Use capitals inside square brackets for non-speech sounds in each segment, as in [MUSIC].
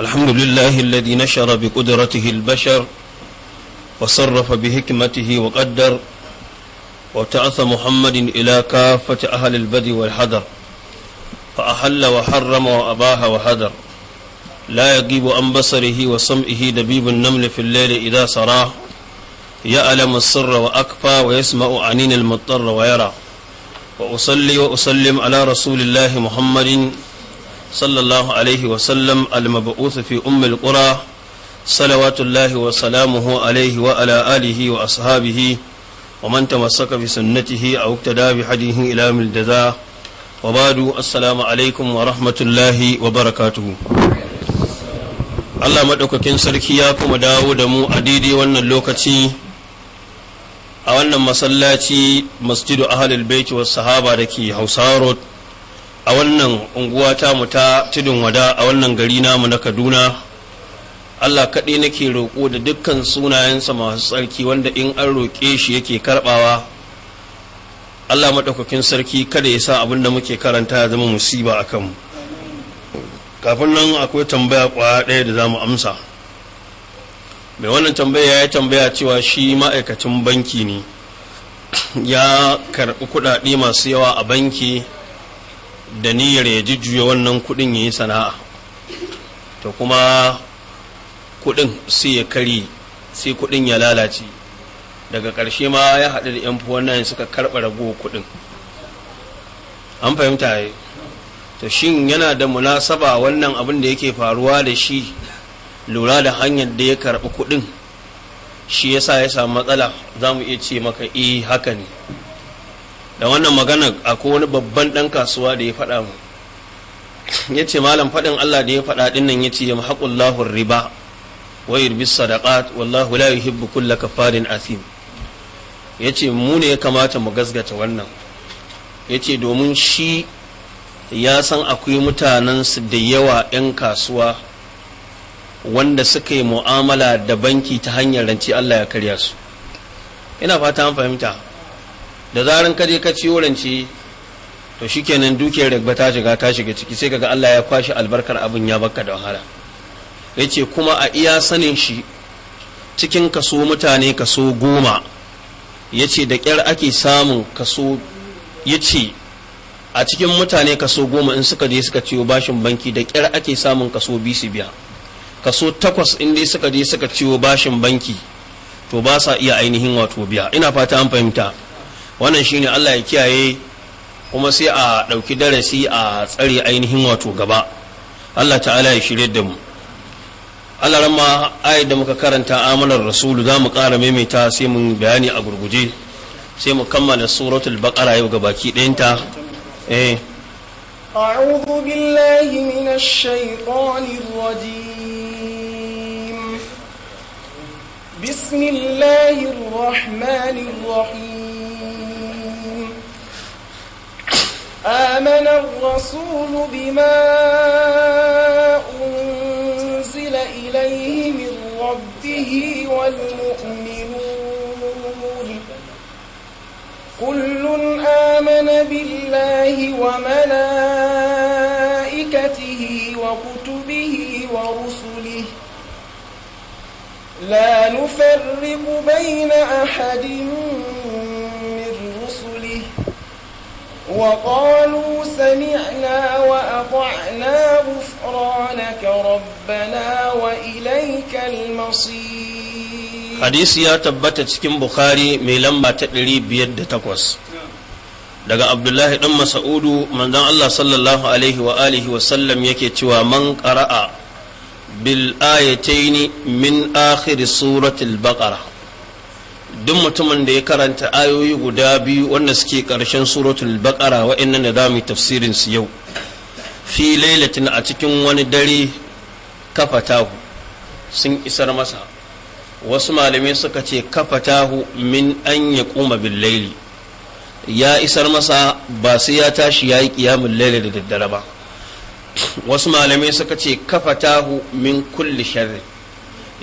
الحمد لله الذي نشر بقدرته البشر وصرف بحكمته وقدر وتعث محمد إلى كافة أهل البدء والحذر فأحل وحرم وأباه وحذر لا يجيب عن بصره وسمعه دبيب النمل في الليل إذا سراه يألم السر وأكفى ويسمع عنين المضطر ويرى وأصلي وأسلم على رسول الله محمد صلى الله عليه وسلم المبعوث في أم القرى صلوات الله وسلامه عليه وعلى آله وأصحابه ومن تمسك بسنته أو اقتدى بحديه إلى من الجزاء وبعد السلام عليكم ورحمة الله وبركاته Allah maɗaukakin sarki ya kuma dawo da mu a daidai wannan lokaci a wannan masallaci masjidu ahalul baiti was sahaba da ke Hausa Road a wannan unguwa ta mu ta tudun wada a wannan gari namu na kaduna allah kaɗai nake roƙo da dukkan sunayensa masu tsarki wanda in an roƙe shi yake karɓawa allah maɗaukakin sarki kada ya sa abin da muke karanta ya zama musiba a kanmu kafin nan akwai tambaya ƙwaya ɗaya da za mu amsa mai wannan tambaya ya tambaya cewa shi ma'aikacin banki ne ya karɓi kuɗaɗe masu yawa a banki da niyyar ya jujjuya wannan kuɗin ya yi sana'a ta kuma kuɗin sai ya kari sai kuɗin ya lalace daga ƙarshe ma ya haɗu da 'yan wannan suka karɓa rago kuɗin an fahimta ya ta shin yana da munasaba wannan abin da yake faruwa da shi lura da hanyar da ya karɓi kuɗin shi yasa ya samu matsala za mu iya ce maka e haka ne da wannan magana akwai wani babban ɗan kasuwa da ya faɗa mu ya ce malam faɗin Allah da ya faɗa ɗin nan ya ce ya mahaƙullahu riba wa rubis sadaqat wallahu la hibbu kulla kafarin asim ya ce mu ne ya kamata mu gasgata wannan ya ce domin shi ya san akwai mutanensu da yawa 'yan kasuwa wanda suka yi mu'amala da banki ta hanyar rance Allah ya karya su ina fata an fahimta da zaran ka je ka ci rance to shikenan dukiyar rigba ta shiga ta shiga ciki sai kaga Allah ya kwashi albarkar abin ya baka da wahala yace kuma a iya sanin shi cikin kaso mutane kaso goma yace da kyar ake samun kaso yace a cikin mutane kaso goma in suka je suka ciwo bashin banki da kyar ake samun kaso bisu biya kaso takwas in dai suka je suka ciwo bashin banki to ba sa iya ainihin wato biya ina fata an fahimta wannan shine Allah ya kiyaye kuma sai a ɗauki darasi a tsare ainihin wato gaba Allah ta'ala ya shirye da mu Allah ramma ayi da muka karanta amanar rasulu za mu ƙara maimaita sai mun bayani a gurguje sai mu kammala suratul baqara yau ga baki ɗayanta eh أعوذ بالله من الشيطان الرجيم بسم الله الرحمن الرحيم آمن الرسول بما أنزل إليه من ربه والمؤمنون كل آمن بالله وملائكته وكتبه ورسله لا نفرق بين أحد وقالوا سمعنا وأطعنا غفرانك ربنا وإليك المصير حديث يا تبت cikin Bukhari mai lamba ta 508 daga Abdullahi dan Mas'udu manzon Allah sallallahu alaihi wa alihi wa sallam yake cewa man qara'a bil ayataini min akhir suratul baqarah duk mutumin da ya karanta ayoyi guda biyu wanda suke ƙarshen suratul baqara wa'annan da zamu tafsirin su yau fi lailatin a cikin wani dare kafatahu sun isar masa wasu malamai suka ce kafatahu min an ya kuma laili. ya isar masa ba sai ya tashi ya yi kiyamun laili da daddare ba wasu malamai suka ce kafatahu min kulli sharri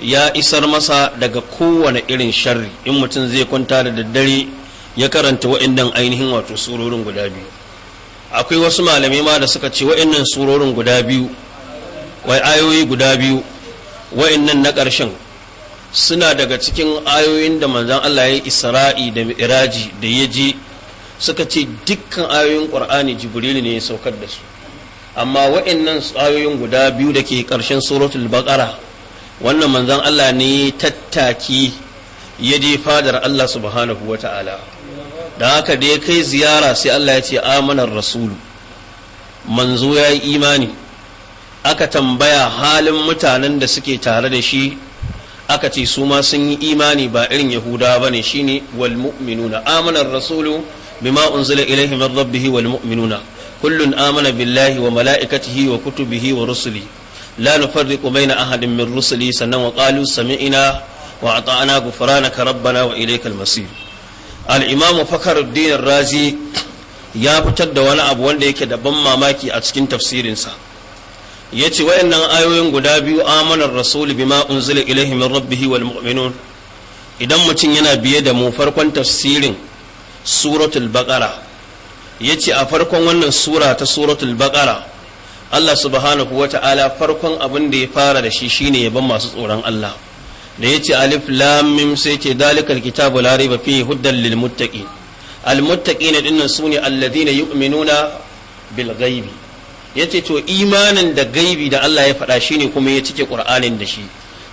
ya isar masa daga kowane irin sharri in mutum zai kwanta da daddare ya karanta wa'annan ainihin wato surorin guda biyu akwai wasu malamai ma da suka ce wa'annan surorin guda biyu wai ayoyi guda biyu wa'annan na ƙarshen suna daga cikin ayoyin da manzan Allah ya yi isra'i da miraji da ya je suka ce dukkan ayoyin ƙur'ani jibril ne ya saukar da su amma wa'annan ayoyin guda biyu da ke ƙarshen suratul bakara. wannan manzon Allah ne tattaki ya je fadar Allah subhanahu wa ta'ala da haka da ya kai ziyara sai Allah ya ce amanar rasulu manzo ya yi imani aka tambaya halin mutanen da suke tare da shi aka ce su ma sun yi imani ba irin yahuda ba ne shi ne walmu'minuna amanar rasulu bima unzila ilaihi min rabbihi walmu'minuna kullun amana billahi wa mala'ikatihi wa kutubihi wa rusuli la nufarriqu baina ahadin min rusuli sannan wa qalu sami'na wa ata'na ghufranaka rabbana wa ilaykal masir al-imam fakhruddin razi ya fitar da wani abu wanda yake da ban mamaki a cikin tafsirinsa yace wayannan ayoyin guda biyu amanar rasul bima unzila ilayhi min rabbih wal mu'minun idan mutum yana biye da mu farkon tafsirin suratul baqara yace a farkon wannan sura ta suratul baqara Allah subhanahu wa ta'ala farkon abin da ya fara da shi shine yaban masu tsoron Allah da yace alif lam mim sai ce dalikal kitabu la riba fihi huddal lil muttaqin al muttaqina dinnan sune alladhina yu'minuna bil Ya ce to imanin da gaibi da Allah ya faɗa shi ne kuma ya cike Kur'anin da shi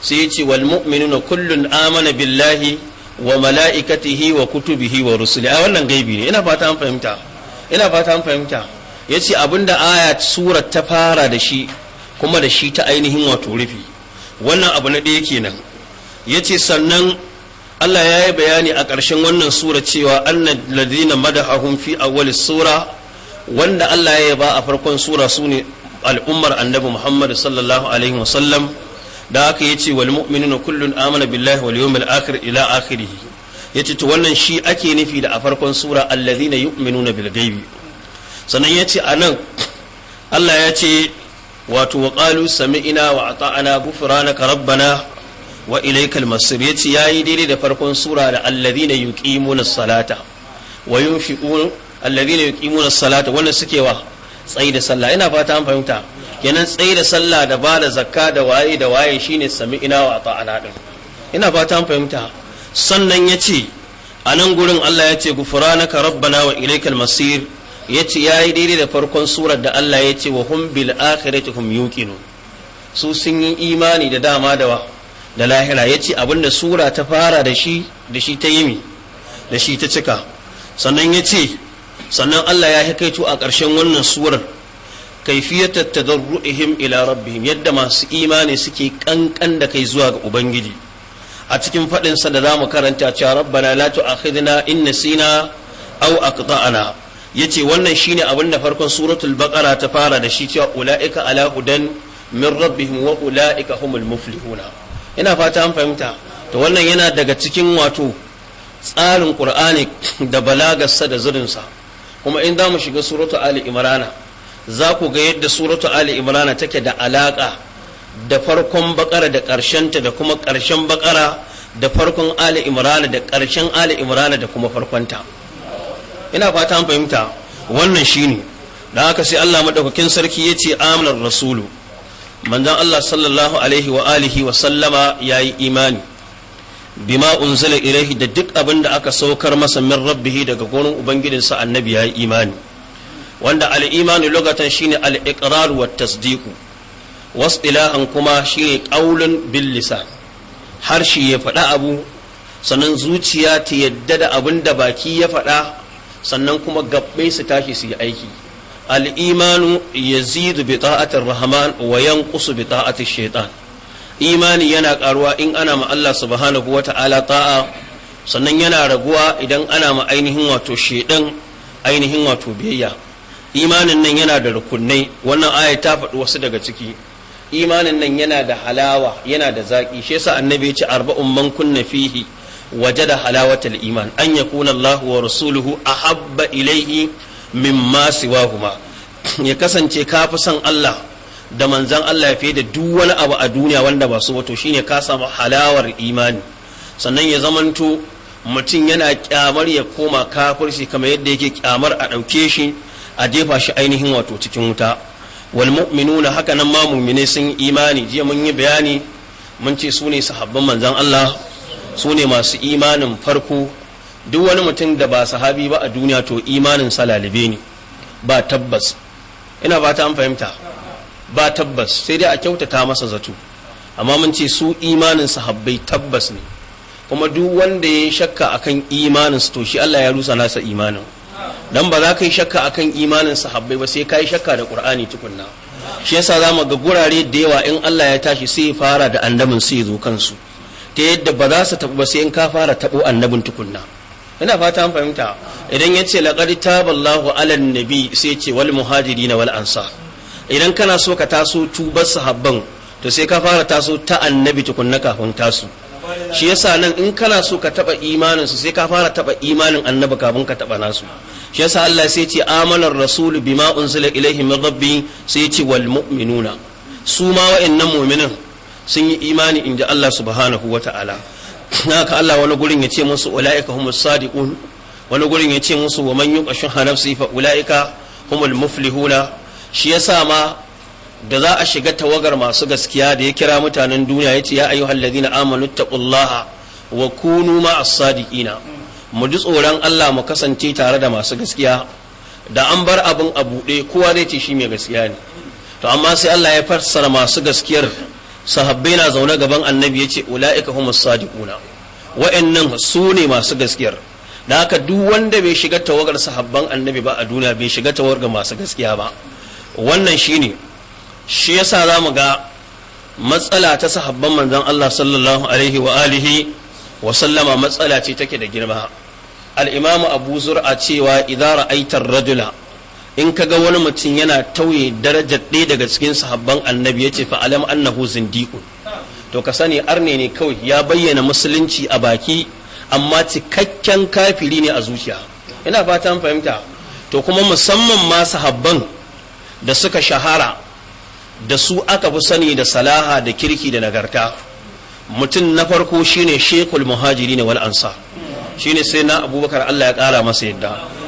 sai yace wal mu'minuna kullun amana billahi wa mala'ikatihi wa kutubihi wa rusuli a wannan gaibi ne ina fata an fahimta ina fata an fahimta yace abinda aya sura ta fara da shi kuma da shi ta ainihin wato rufi wannan abu na ɗaya kenan yace sannan Allah ya yi bayani a ƙarshen wannan sura cewa annan ladina madahahum fi awwalis sura wanda Allah ya ba a farkon sura sune al'ummar annabi Muhammad sallallahu alaihi wasallam da haka yace wal mu'minuna kullun amana billahi wal yawmil akhir ila akhirih yace to wannan shi ake nufi da a farkon sura alladhina yu'minuna bil ghaibi sannan ya ce a nan allah ya ce wato wa ƙalu sami'ina wa ata'ana gufranaka rabbana wa ilaikal masir ya ce ya yi daidai da farkon sura da na alladhina yuqimuna salata wa fi na alladhina yuqimuna salata wannan suke wa tsayi da sallah ina fata an fahimta kenan tsayi da sallah da ba da zakka da waye da waye shine ina wa ata'ana din ina fata an fahimta sannan ya ce a nan gurin Allah ya ce gufura gufranaka rabbana wa ilaikal masir yace yi daidai da farkon surar da Allah ya ce wa hum bil akhirati hum yuqinu su sun yi imani da dama da wa da lahira yace abinda sura ta fara da shi da shi ta yimi da shi ta cika sannan yace sannan Allah ya hikaito a ƙarshen wannan surar kaifiyatat tadarru'ihim ila rabbihim yadda masu imani suke kankan da kai zuwa ga ubangiji a cikin faɗinsa sa da zamu karanta cewa rabbana la tu'akhidna in nasina aw aqta'na yace wannan shine abin da farkon suratul baqara ta fara da shi cewa ulaika ala hudan min rabbihim wa ulaika humul muflihuna ina fata an fahimta to wannan yana daga cikin wato tsarin qur'ani da balagarsa da zurinsa kuma in za mu shiga suratu ali imrana za ku ga yadda suratu ali imrana take da alaka da farkon bakara da ta da kuma karshen bakara da farkon ali imrana da karshen ali imrana da kuma farkon ta. ina fata an fahimta wannan shine dan haka sai Allah madaukakin sarki yace amanar rasulu manzon Allah sallallahu alaihi wa alihi wa sallama yayi imani bima unzila ilaihi da duk abin da aka saukar masa min rabbihi daga gurin ubangijinsa annabi yayi imani wanda al-imani lugatan shine al-iqrar wa tasdiqu ilahan kuma shine qaulun bil lisan harshe ya faɗa abu sannan zuciya ta yadda da abin da baki ya faɗa sannan kuma gabbe su tashi su yi aiki al-imanu yazidu bi ta'atir rahman wa yanqusu bi ta'atir shaitan imani yana karuwa in ana ma Allah subhanahu wata'ala ta'a sannan yana raguwa idan ana ma ainihin wato shaidan ainihin wato biyayya imanin nan yana da rukunai wannan aya ta faɗi wasu daga ciki imanin nan yana da halawa yana da zaƙi shi yasa annabi ya ce arba'un man kunna fihi wajada halawatal iman an yakuna Allah wa rasuluhu ahabba ilaihi mimma siwahuma [CLEARS THROAT] ya kasance ka fi son Allah da manzan Allah fiye da duk wani abu a duniya wanda ba su wato shine ka samu halawar imani sannan ya zamanto mutum yana kyamar ya koma kafirci kamar yadda yake kyamar a ɗauke shi a jefa shi ainihin wato cikin wuta wal mu'minuna haka ma mu'mine sun imani jiya mun yi bayani mun ce su ne sahabban manzan Allah su ne masu imanin farko duk wani mutum da ba sahabi ba a duniya to imanin salalibe ne ba tabbas ina ba ta an fahimta ba tabbas sai dai a kyautata masa zato amma mun ce su imanin sahabbai tabbas ne kuma duk wanda ya shakka akan imanin su to shi Allah ya rusa nasa imanin dan ba za ka yi shakka akan imanin sahabbai ba sai ka yi shakka da Qur'ani tukunna shi yasa zamu ga gurare da yawa in Allah ya tashi sai ya fara da andamin sai ya zo kansu ta yadda ba za su tabu ba sai in ka fara tabo annabin tukunna ina fata an fahimta idan ya ce laqad taballahu alan nabi sai ce wal na wal ansa idan kana so ka taso tubar sahabban to sai ka fara taso ta annabi tukunna kafin taso shi yasa nan in kana so ka taba imanin su sai ka fara taba imanin annabi kafin ka taba nasu shi yasa Allah sai ce amanar rasul bima unzila ilaihi min rabbi sai ce wal mu'minuna su ma wa'annan mu'minin sun yi imani in ji Allah subhanahu wa ta'ala na ka Allah wani gurin ya ce musu ula'ika humus sadiqun wani gurin ya ce musu wa man yuqashu nafsi fa ula'ika humul muflihuna shi ya sa ma da za a shiga tawagar masu gaskiya da ya kira mutanen duniya ya ce ya ayyuhal ladina amanu taqullaha wa kunu ma a sadiqina mu ji tsoron Allah mu kasance tare da masu gaskiya da an bar abin a buɗe kowa zai ce shi mai gaskiya ne to amma sai Allah ya fassara masu gaskiyar sahabbai na zaune gaban annabi ya ce ula'ika humus sadiquna wa'annan su ne masu gaskiyar da haka duk wanda bai shiga tawagar sahabban annabi ba a duniya bai shiga tawagar masu gaskiya ba wannan shine shi yasa za ga matsala ta sahabban manzon Allah sallallahu alaihi wa alihi wa sallama matsala ce take da girma al-imamu abu zur'a cewa idza ra'aitar rajula in ka ga wani mutum yana tauye darajar ɗaya daga cikin sahabban annabi ya ce fa'alam annahu zindiku to ka sani arne ne kawai ya bayyana musulunci a baki amma cikakken kafiri ne a zuciya ina fatan fahimta to kuma musamman ma sahabban da suka shahara da su aka fi sani da salaha da kirki da nagarta mutum na farko shine shekul muhajiri ne wal ansa shine sai na abubakar allah ya kara masa yadda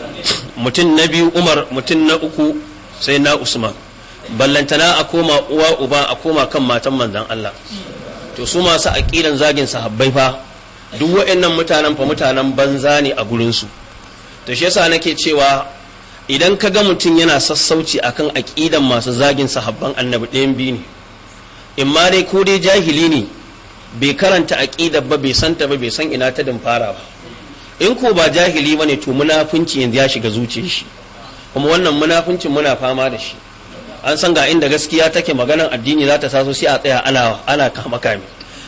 mutum na biyu umar mutum na uku sai na usman ballantana a koma uwa uba a koma kan matan manzan Allah to su masu aƙidan zagin sahabbai fa duk wa'annan mutanen fa mutanen banza ne a gurinsu to shi yasa nake cewa idan ka ga mutum yana sassauci akan aƙidan masu zagin sahabban annabi ɗayan biyu ne in ma dai ko dai jahili ne bai karanta aƙidar ba bai santa ba bai san ina ta fara ba in ko ba jahili ba ne to munafunci yanzu ya shiga zuciyar shi kuma wannan munafuncin muna fama da shi an san ga inda gaskiya take maganan addini za ta taso sai a tsaya ana kama kame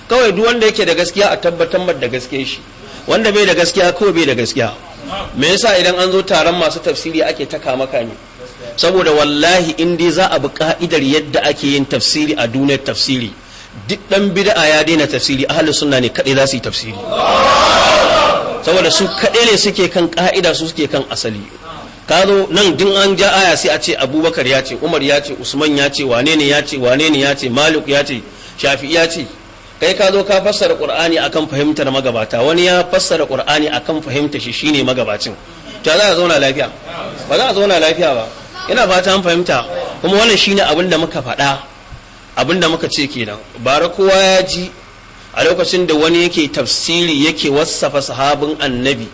kawai duk wanda yake da gaskiya a tabbatar da gaskiyar shi wanda bai da gaskiya ko bai da gaskiya me yasa idan an zo taron masu tafsiri ake ta kama kame saboda wallahi in dai za a bi ka'idar yadda ake yin tafsiri a duniyar tafsiri duk dan bid'a ya daina tafsiri ahlus sunna ne kadai za su yi tafsiri saboda su kaɗai ne suke kan ƙa'ida su suke kan asali ka zo nan din an ja aya sai a ce abubakar ya ce umar ya ce usman ya ce wane ne ya ce wane ne ya ce malik ya ce shafi ya ce kai ka zo ka fassara qur'ani akan fahimtar magabata wani ya fassara qur'ani akan fahimta shi shine magabacin ta za a zauna lafiya ba za a zauna lafiya ba ina fata an fahimta kuma wannan shine abin da muka faɗa abin da muka ce kenan bara kowa ya ji a lokacin da wani yake tafsiri yake wasafa sahabin annabi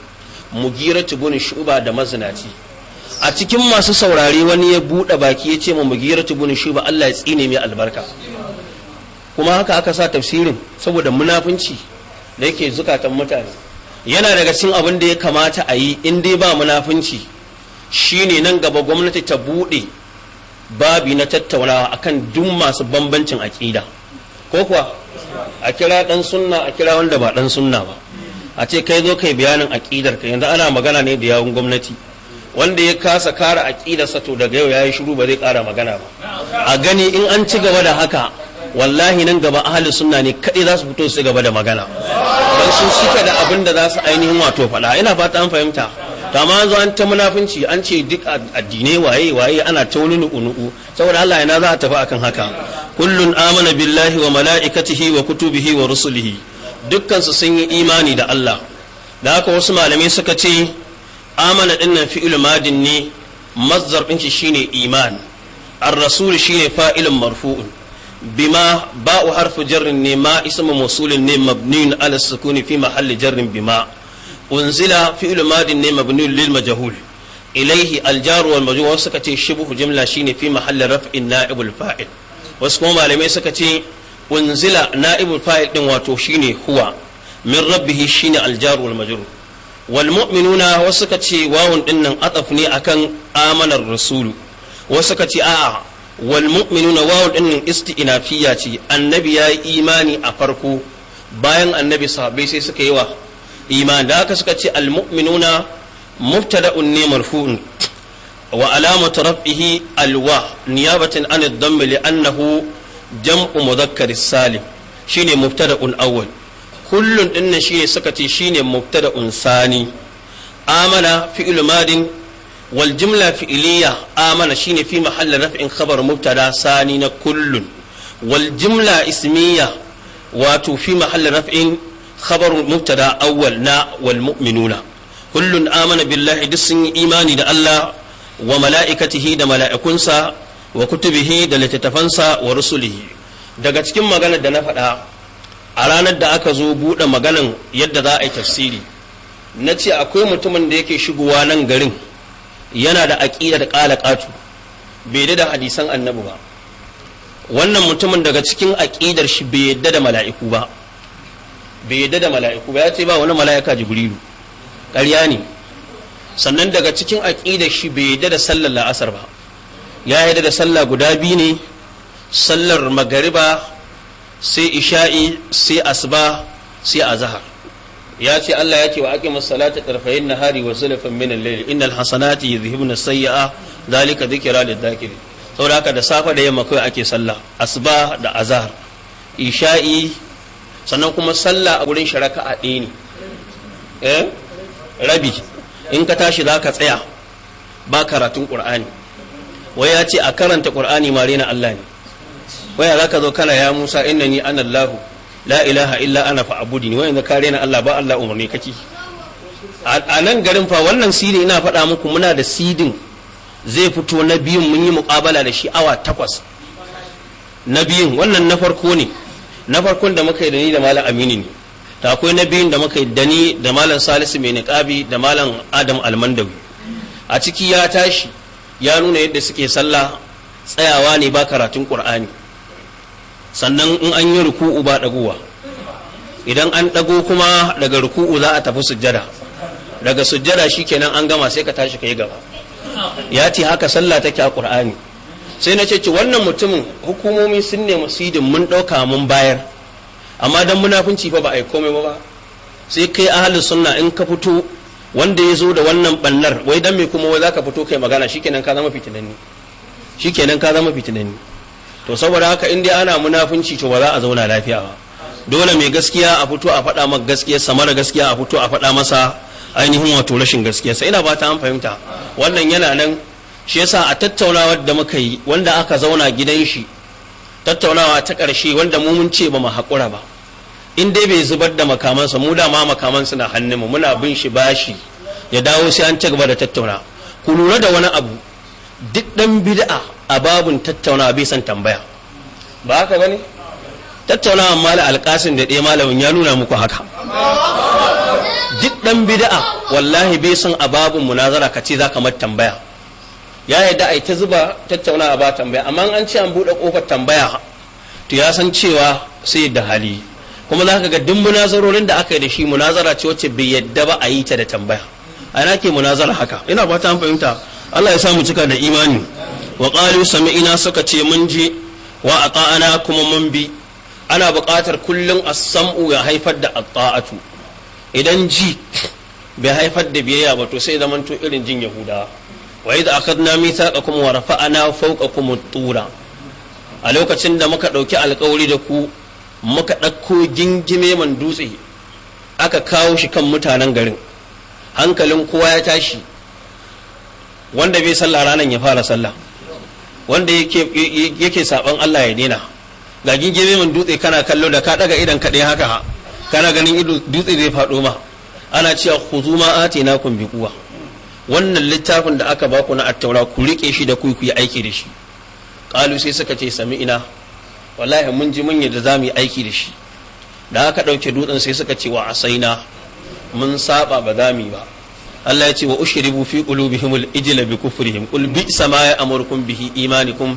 mugira bin shuba da mazinaci a cikin masu saurari wani ya buɗe baki ya ce ma mugira bin shuba Allah ya tsine mai albarka kuma haka aka sa tafsirin saboda munafunci da yake zukatan mutane yana daga cikin abin da ya kamata a yi in dai ba munafunci shine nan gaba gwamnati ta buɗe babi na tattaunawa akan duk masu bambancin aƙida ko kuwa a kira dan sunna a kira wanda ba dan sunna ba a ce kai zo kai bayanin aqidar ka yanzu ana magana ne da yawun gwamnati wanda ya kasa kara sa to daga yau yayi shiru ba zai kara magana ba a gani in an ci gaba da haka wallahi nan gaba ahli sunna ne kadai za su fito su gaba da magana dan su suke da abin da za su ainihin wato faɗa ina fata an fahimta to amma zo an ta munafunci an ce duk addinai waye waye ana ta wani nuku saboda Allah yana za a tafi akan haka kullun amana billahi wa mala'ikatihi wa kutubihi wa rusulihi dukkan su sun yi imani da Allah da haka wasu malamai suka ce amana din nan fi'il madin ne mazdar din shi shine iman ar-rasul shine fa'ilun marfu'un bima ba'u harfu jarrin ne ma ismu mawsulin ne mabniun ala sukuni fi mahalli jarrin bima unzila fi'il madin ne mabni lil majhul ilayhi al jar wal majrur wasu suka ce shibhu jumla shine fi mahalli raf'in na'ibul fa'il wasu kuma malamai suka ce unzila na'ibul fa'il din wato shine huwa min rabbih shine al jar wal majrur wal mu'minuna wasu suka ce wawun din nan ataf ne akan amanar rasulu wasu suka ce a'a wal mu'minuna wawun din nan isti'nafiya ce annabi yayi imani a farko bayan annabi sahabbai sai suka yi wa iman da haka suka ce almu'minuna mubtada'un ne marfu'un wa alamatu raf'ihi alwa niyabatan an ad-damm li'annahu jam'u mudhakkar salim shine mubtada'un awwal kullun dinnan shine suka ce shine mubtada'un sani amana fi'lu madin wal jumla fi'liya amala shine fi mahalli raf'in khabar mubtada sani na kullun wal jumla ismiya wato fi mahalli raf'in خبر مبتدا Billahi نا والمؤمنون كل imani بالله دسن wa دا الله وملائكته wa ملائكنسا وكتبه littattafansa لتتفنسا ورسله daga cikin maganar da na faɗa a ranar da aka zo buɗe maganan yadda za a yi tafsiri na ce akwai mutumin da yake shigowa nan garin yana da aƙidar ƙala ƙatu bai da hadisan annabi ba wannan mutumin daga cikin aƙidar shi bai yadda da mala'iku ba bai yadda da mala'iku ba ya ce ba wani mala'ika jibrilu ƙarya ne sannan daga cikin aƙida shi bai yadda da sallar la'asar ba ya yadda da sallah guda biyu ne sallar magariba sai isha'i sai asuba sai azhar ya ce Allah ya ce wa aqimus salata tarfayin nahari wa zulfan min al-layl innal hasanati yudhibna sayyi'a zalika dhikra lid-dhakirin saboda haka da safa da yamma kai ake sallah asuba da azhar isha'i sannan kuma sallah a gurin shi a ɗaya ne eh rabi in ka tashi za ka tsaya ba karatun ƙur'ani wai ya ce a karanta ƙur'ani ma rena Allah ne waya za ka zo kana ya Musa inna ni ana Allahu la ilaha illa ana fa abudini wai yanzu ka rena Allah ba Allah umarni kake a nan garin fa wannan sidi ina faɗa muku muna da sidin zai fito na biyun mun yi muƙabala da shi awa takwas na biyun wannan na farko ne na farkon da muka yi da ni da malam aminu ne ta akwai na biyun da muka yi da ni da malam salisu mai niƙabi da malam adam almandawi a ciki ya tashi ya nuna yadda suke sallah tsayawa ne ba karatun ƙur'ani sannan in an yi ruku'u ba ɗaguwa idan an ɗago kuma daga ruku'u za a tafi sujjada daga sujjada shikenan an gama sai ka tashi ka yi gaba ya ce haka sallah take a ƙur'ani sai na ce ci wannan mutumin hukumomi sun nemi sidin mun ɗauka mun bayar amma don munafunci fa ba a yi komai ba sai kai ahalin sunna in ka fito wanda ya zo da wannan bannar wai dan me kuma wai za ka fito kai magana shikenan ka zama fitinanni shikenan ka zama fitinanni to saboda haka in dai ana munafunci to ba za a zauna lafiya ba dole mai gaskiya a fito a faɗa maka gaskiya samara gaskiya a fito a faɗa masa ainihin wato rashin gaskiya sai ina ba ta an fahimta wannan yana nan shi yasa a tattaunawa da muka yi wanda aka zauna gidan shi tattaunawa ta ƙarshe wanda mu mun ce ba mu haƙura ba in dai bai zubar da makamansa mu da ma makamansa na hannunmu muna bin shi bashi ya dawo sai an ci da tattauna ku lura da wani abu duk dan bid'a a babun tattaunawa bai san tambaya ba haka bane tattaunawa malam alƙasin da ɗaya malamin ya nuna muku haka duk dan bid'a wallahi bai san a babun munazara ka ce za ka tambaya ya yadda a ta zuba tattauna a ba tambaya amma an ce an buɗe ƙofar tambaya to ya san cewa sai da hali kuma za ka ga duk munazarorin da aka yi da shi munazara ce wacce bai yadda ba a yi ta da tambaya a yana ke munazara haka ina ba ta fahimta Allah ya sa mu cika da imani wa sami sami'ina suka ce mun je wa ata'ana kuma mun bi ana buƙatar kullum a samu ya haifar da at idan ji bai haifar da biyayya ba to sai zamanto irin jin yahudawa wa idh akhadna mithaqakum wa rafa'na fawqakum at-tura a lokacin da muka ɗauki alƙawari da ku muka ɗauko gingime man dutse aka kawo shi kan mutanen garin hankalin kowa ya tashi wanda bai sallah ranar ya fara sallah wanda yake saban Allah ya dena ga gingime man dutse kana kallo da ka daga idan kaɗai haka kana ganin ido dutse zai faɗo ma ana cewa khuzuma atina kun bi kuwa wannan littafin da aka baku na attaura ku rike shi da ku yi aiki da shi kalu sai suka ce sami ina wallahi mun ji mun yadda za mu yi aiki da shi da aka ɗauke dutsen sai suka ce wa asaina mun saba ba za mu yi ba Allah ya ce wa ushribu fi qulubihim al-ijla bi kufrihim qul bi sama ya amurkum bihi imanikum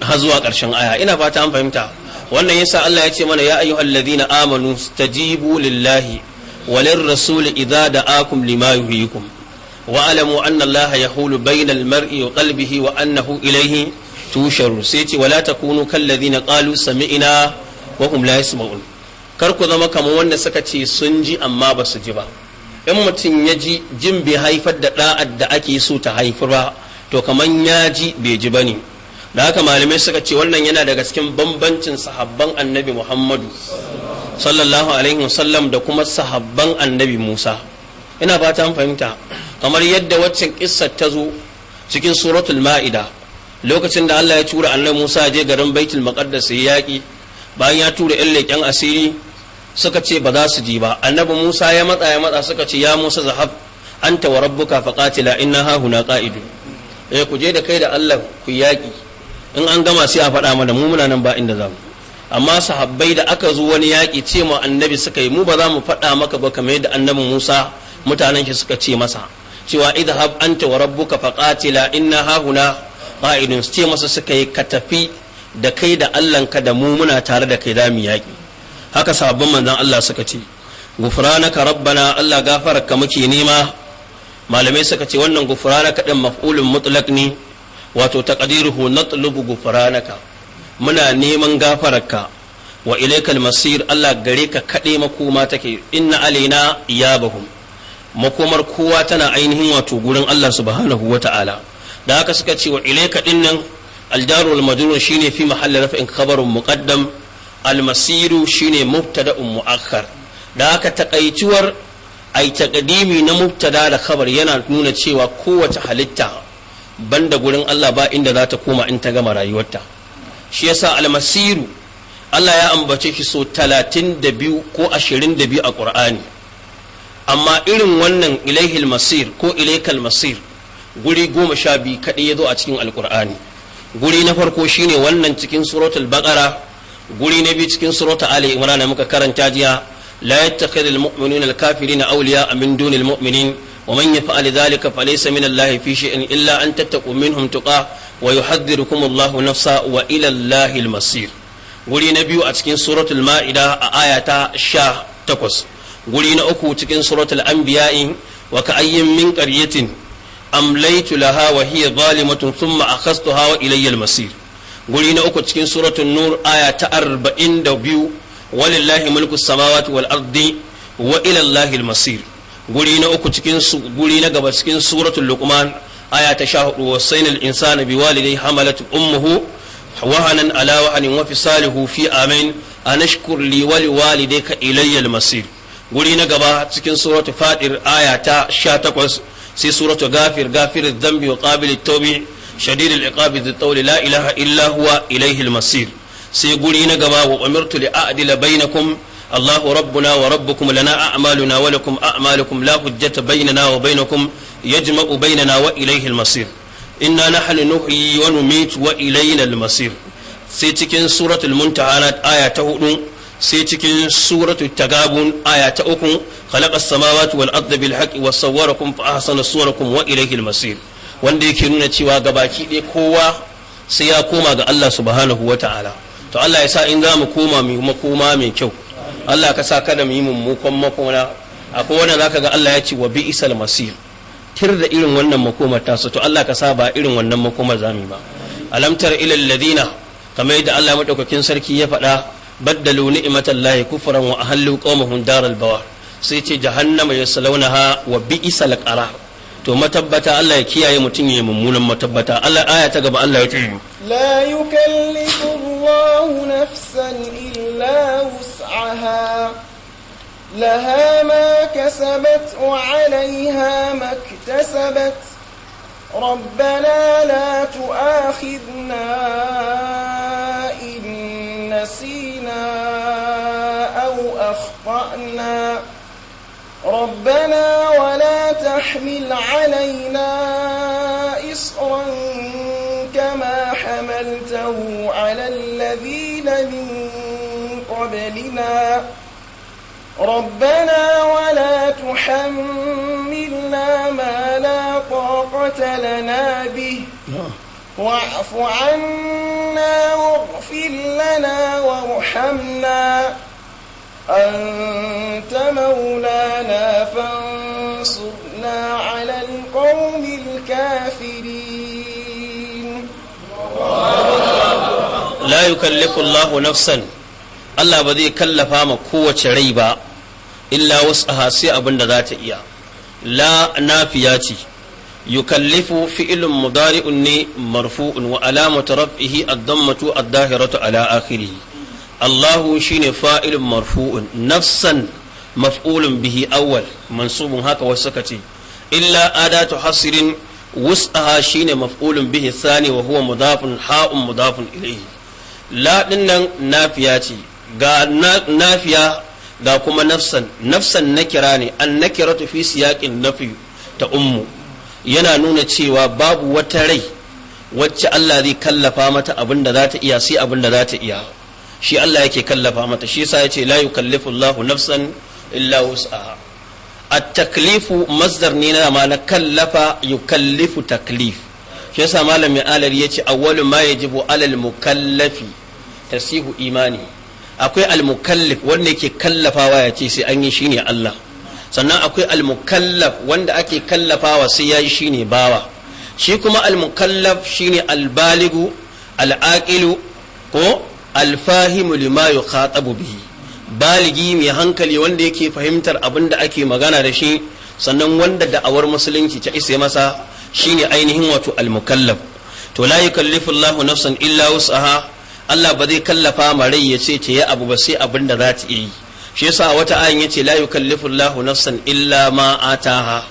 har zuwa ƙarshen aya ina fata an fahimta wannan yasa Allah ya ce mana ya ayyuhalladhina amanu stajibu lillahi walirrasuli idza da'akum lima yuhyikum واعلموا ان الله يحول بين المرء وقلبه وانه اليه تشر سيتي ولا تكونوا كالذين قالوا سمعنا وهم لا Kar ku zama kamar wanda suka ce sun ji amma ba su ji ba in mutum ya ji jin bi haifar da da'ad da ake so ta haifi ba to kamar ya ji bai ji ba ne da haka malamai suka ce wannan yana daga cikin bambancin sahabban annabi muhammadu sallallahu alaihi wasallam da kuma sahabban annabi musa ina fatan fahimta kamar yadda waccan kissar ta zo cikin suratul ma'ida lokacin da Allah ya tura annabi Musa je garin Baitul Maqaddas ya yaki bayan ya tura ɗan leƙen asiri suka ce ba za su ji ba annabi Musa ya matsa ya matsa suka ce ya Musa zahab anta wa rabbuka faqatila inna ha huna qa'idu eh ku je da kai da Allah ku yaki in an gama sai a faɗa mana mu muna nan ba inda za mu amma sahabbai da aka zo wani yaki ce mu annabi suka yi mu ba za mu faɗa maka ba kamar yadda annabi Musa mutanen shi suka ce masa cewa idhab anta wa rabbuka faqatila inna hahuna qa'idun ce masa suka yi ka tafi da kai da Allahnka da mu muna tare da kai da mu yaki haka sabon manzon Allah suka ce gufranaka rabbana Allah gafararka muke nema malamai suka ce wannan gufranaka din maf'ulun mutlaq ne wato taqdiruhu natlubu gufranaka muna neman gafararka wa ilaikal masir Allah gare ka kade makoma take inna alaina iyabahum makomar kowa tana ainihin wato gurin Allah subhanahu wa ta'ala da haka suka ce wa ilaika dinnan aljaru almajrur shine fi mahalli raf'in khabarun muqaddam almasiru shine mubtada'un mu'akkar da haka takaituwar ai takadimi na mubtada da khabar yana nuna cewa kowace halitta banda gurin Allah ba inda za ta koma in ta gama rayuwarta shi yasa almasiru Allah ya ambace shi so 32 ko 22 a Qur'ani amma irin wannan ilaihil masir ko ilaikal masir guri goma sha biyu kaɗai ya a cikin alkur'ani guri na farko shine wannan cikin suratul baqara guri na biyu cikin suratul ali imran muka karanta jiya la yattakhidhu almu'minuna alkafirina awliya min dunil mu'minin wa man yaf'al dhalika falaysa min allah fi shay'in illa an tattaqu minhum tuqa wa yuhadhdhirukum allah nafsa wa ila allahil masir guri na biyu a cikin suratul ma'ida a ayata sha takwas. guri na uku cikin suratul anbiya'i wa ka'ayyin min qaryatin amlaytu laha wa hiya zalimatun thumma akhastuha wa ilayya al-masir guri na uku cikin suratul nur aya ta 42 walillahi mulku samawati wal ardi wa ila allahi al-masir guri na uku cikin guri na gaba cikin suratul luqman aya ta 14 wasaina al-insana biwalidayhi hamalat ummuhu wahanan ala wahanin wa fisaluhu fi amin anashkur li waliwalidayka ilayya al-masir guri na gaba cikin suratu fadir aya ta 18 sai suratu gafir gafir dhanbi wa qabil tawbi shadid al-iqab dhi tawli la ilaha illa huwa ilayhi al-masir sai guri na gaba wa umirtu li a'dila bainakum الله ربنا وربكم لنا أعمالنا ولكم أعمالكم لا حجة بيننا وبينكم يجمع بيننا وإليه المصير إنا نحن نحيي ونميت وإلينا المصير سيتكن سورة المنتهى آية تهؤلون sai cikin suratu tagabun aya ta uku khalaqas samawati wal ardi bil haqqi sawwarakum fa ahsana suwarakum wa al masir wanda yake nuna cewa gabaki ɗaya kowa sai ya koma ga Allah subhanahu wa ta'ala to Allah ya sa in za mu koma mu makoma mai kyau Allah ka sa kada mu yi mummukan makona akwai wanda zaka ga Allah ya ce wa bi'sal masir tir da irin wannan makomar tasu to Allah ka sa ba irin wannan makomar zamu ba alamtar ilal ladina kamar yadda Allah madaukakin sarki ya faɗa baddalu ni'matallahi kufran wa ahallu qaumahum daral bawar sai ce jahannama yaslaunaha wa bi'sal qarar to matabbata Allah ya kiyaye mutum ya mummunan matabbata Allah aya ta gaba Allah ya ce la yukallifu Allahu nafsan illa wus'aha laha ma kasabat wa 'alayha ma iktasabat ربنا لا تؤاخذنا إن نسينا أو أخطأنا ربنا ولا تحمل علينا إصرا كما حملته على الذين من قبلنا ربنا ولا تحملنا ما لا طاقة لنا به واعف عنا واغفر لنا وارحمنا أنت مولانا فانصرنا على القوم الكافرين لا يكلف الله نفسا Allah ba zai kallafa ma kowace rai ba illa wasu sai abin da za ta iya la nafiya ce يكلف فعل مضارع مرفوع وعلامة رفعه الضمة الظاهرة على آخره الله شين فاعل مرفوع نفسا مفعول به أول منصوب هكا وسكتي إلا أداة حصر وسعها شين مفعول به الثاني وهو مضاف حاء مضاف إليه لا دنن نافياتي غا نافية غا كما نفسا نفسا نكراني النكرة في سياق النفي تأمه yana nuna cewa babu wata rai wacce Allah zai kallafa mata abin da za ta iya sai abin da za ta iya shi Allah yake kallafa mata shi yasa yace la yukallifu Allahu nafsan illa wus'aha at-taklifu masdar ne na ma na kallafa yukallifu taklif shi yasa malami alar yace awwalu ma yajibu alal mukallafi tasihu imani akwai al-mukallif wanda yake kallafawa yace sai an yi shine Allah sannan akwai almukallaf wanda ake kallafawa sai yayi shine bawa shi kuma almukallaf shine albaligu al'aqilu ko alfahimu lima yukhatabu bihi baligi mai hankali wanda yake fahimtar abin da ake magana da shi sannan wanda da'awar musulunci ta isa masa shine ainihin wato almukallaf to la yukallifu Allahu nafsan illa wus'aha Allah ba zai kallafa ma rai ya ce ta yi abu ba sai abin da za ta yi shi yasa wata ayin yace la yukallifu Allahu nafsan illa ma ataha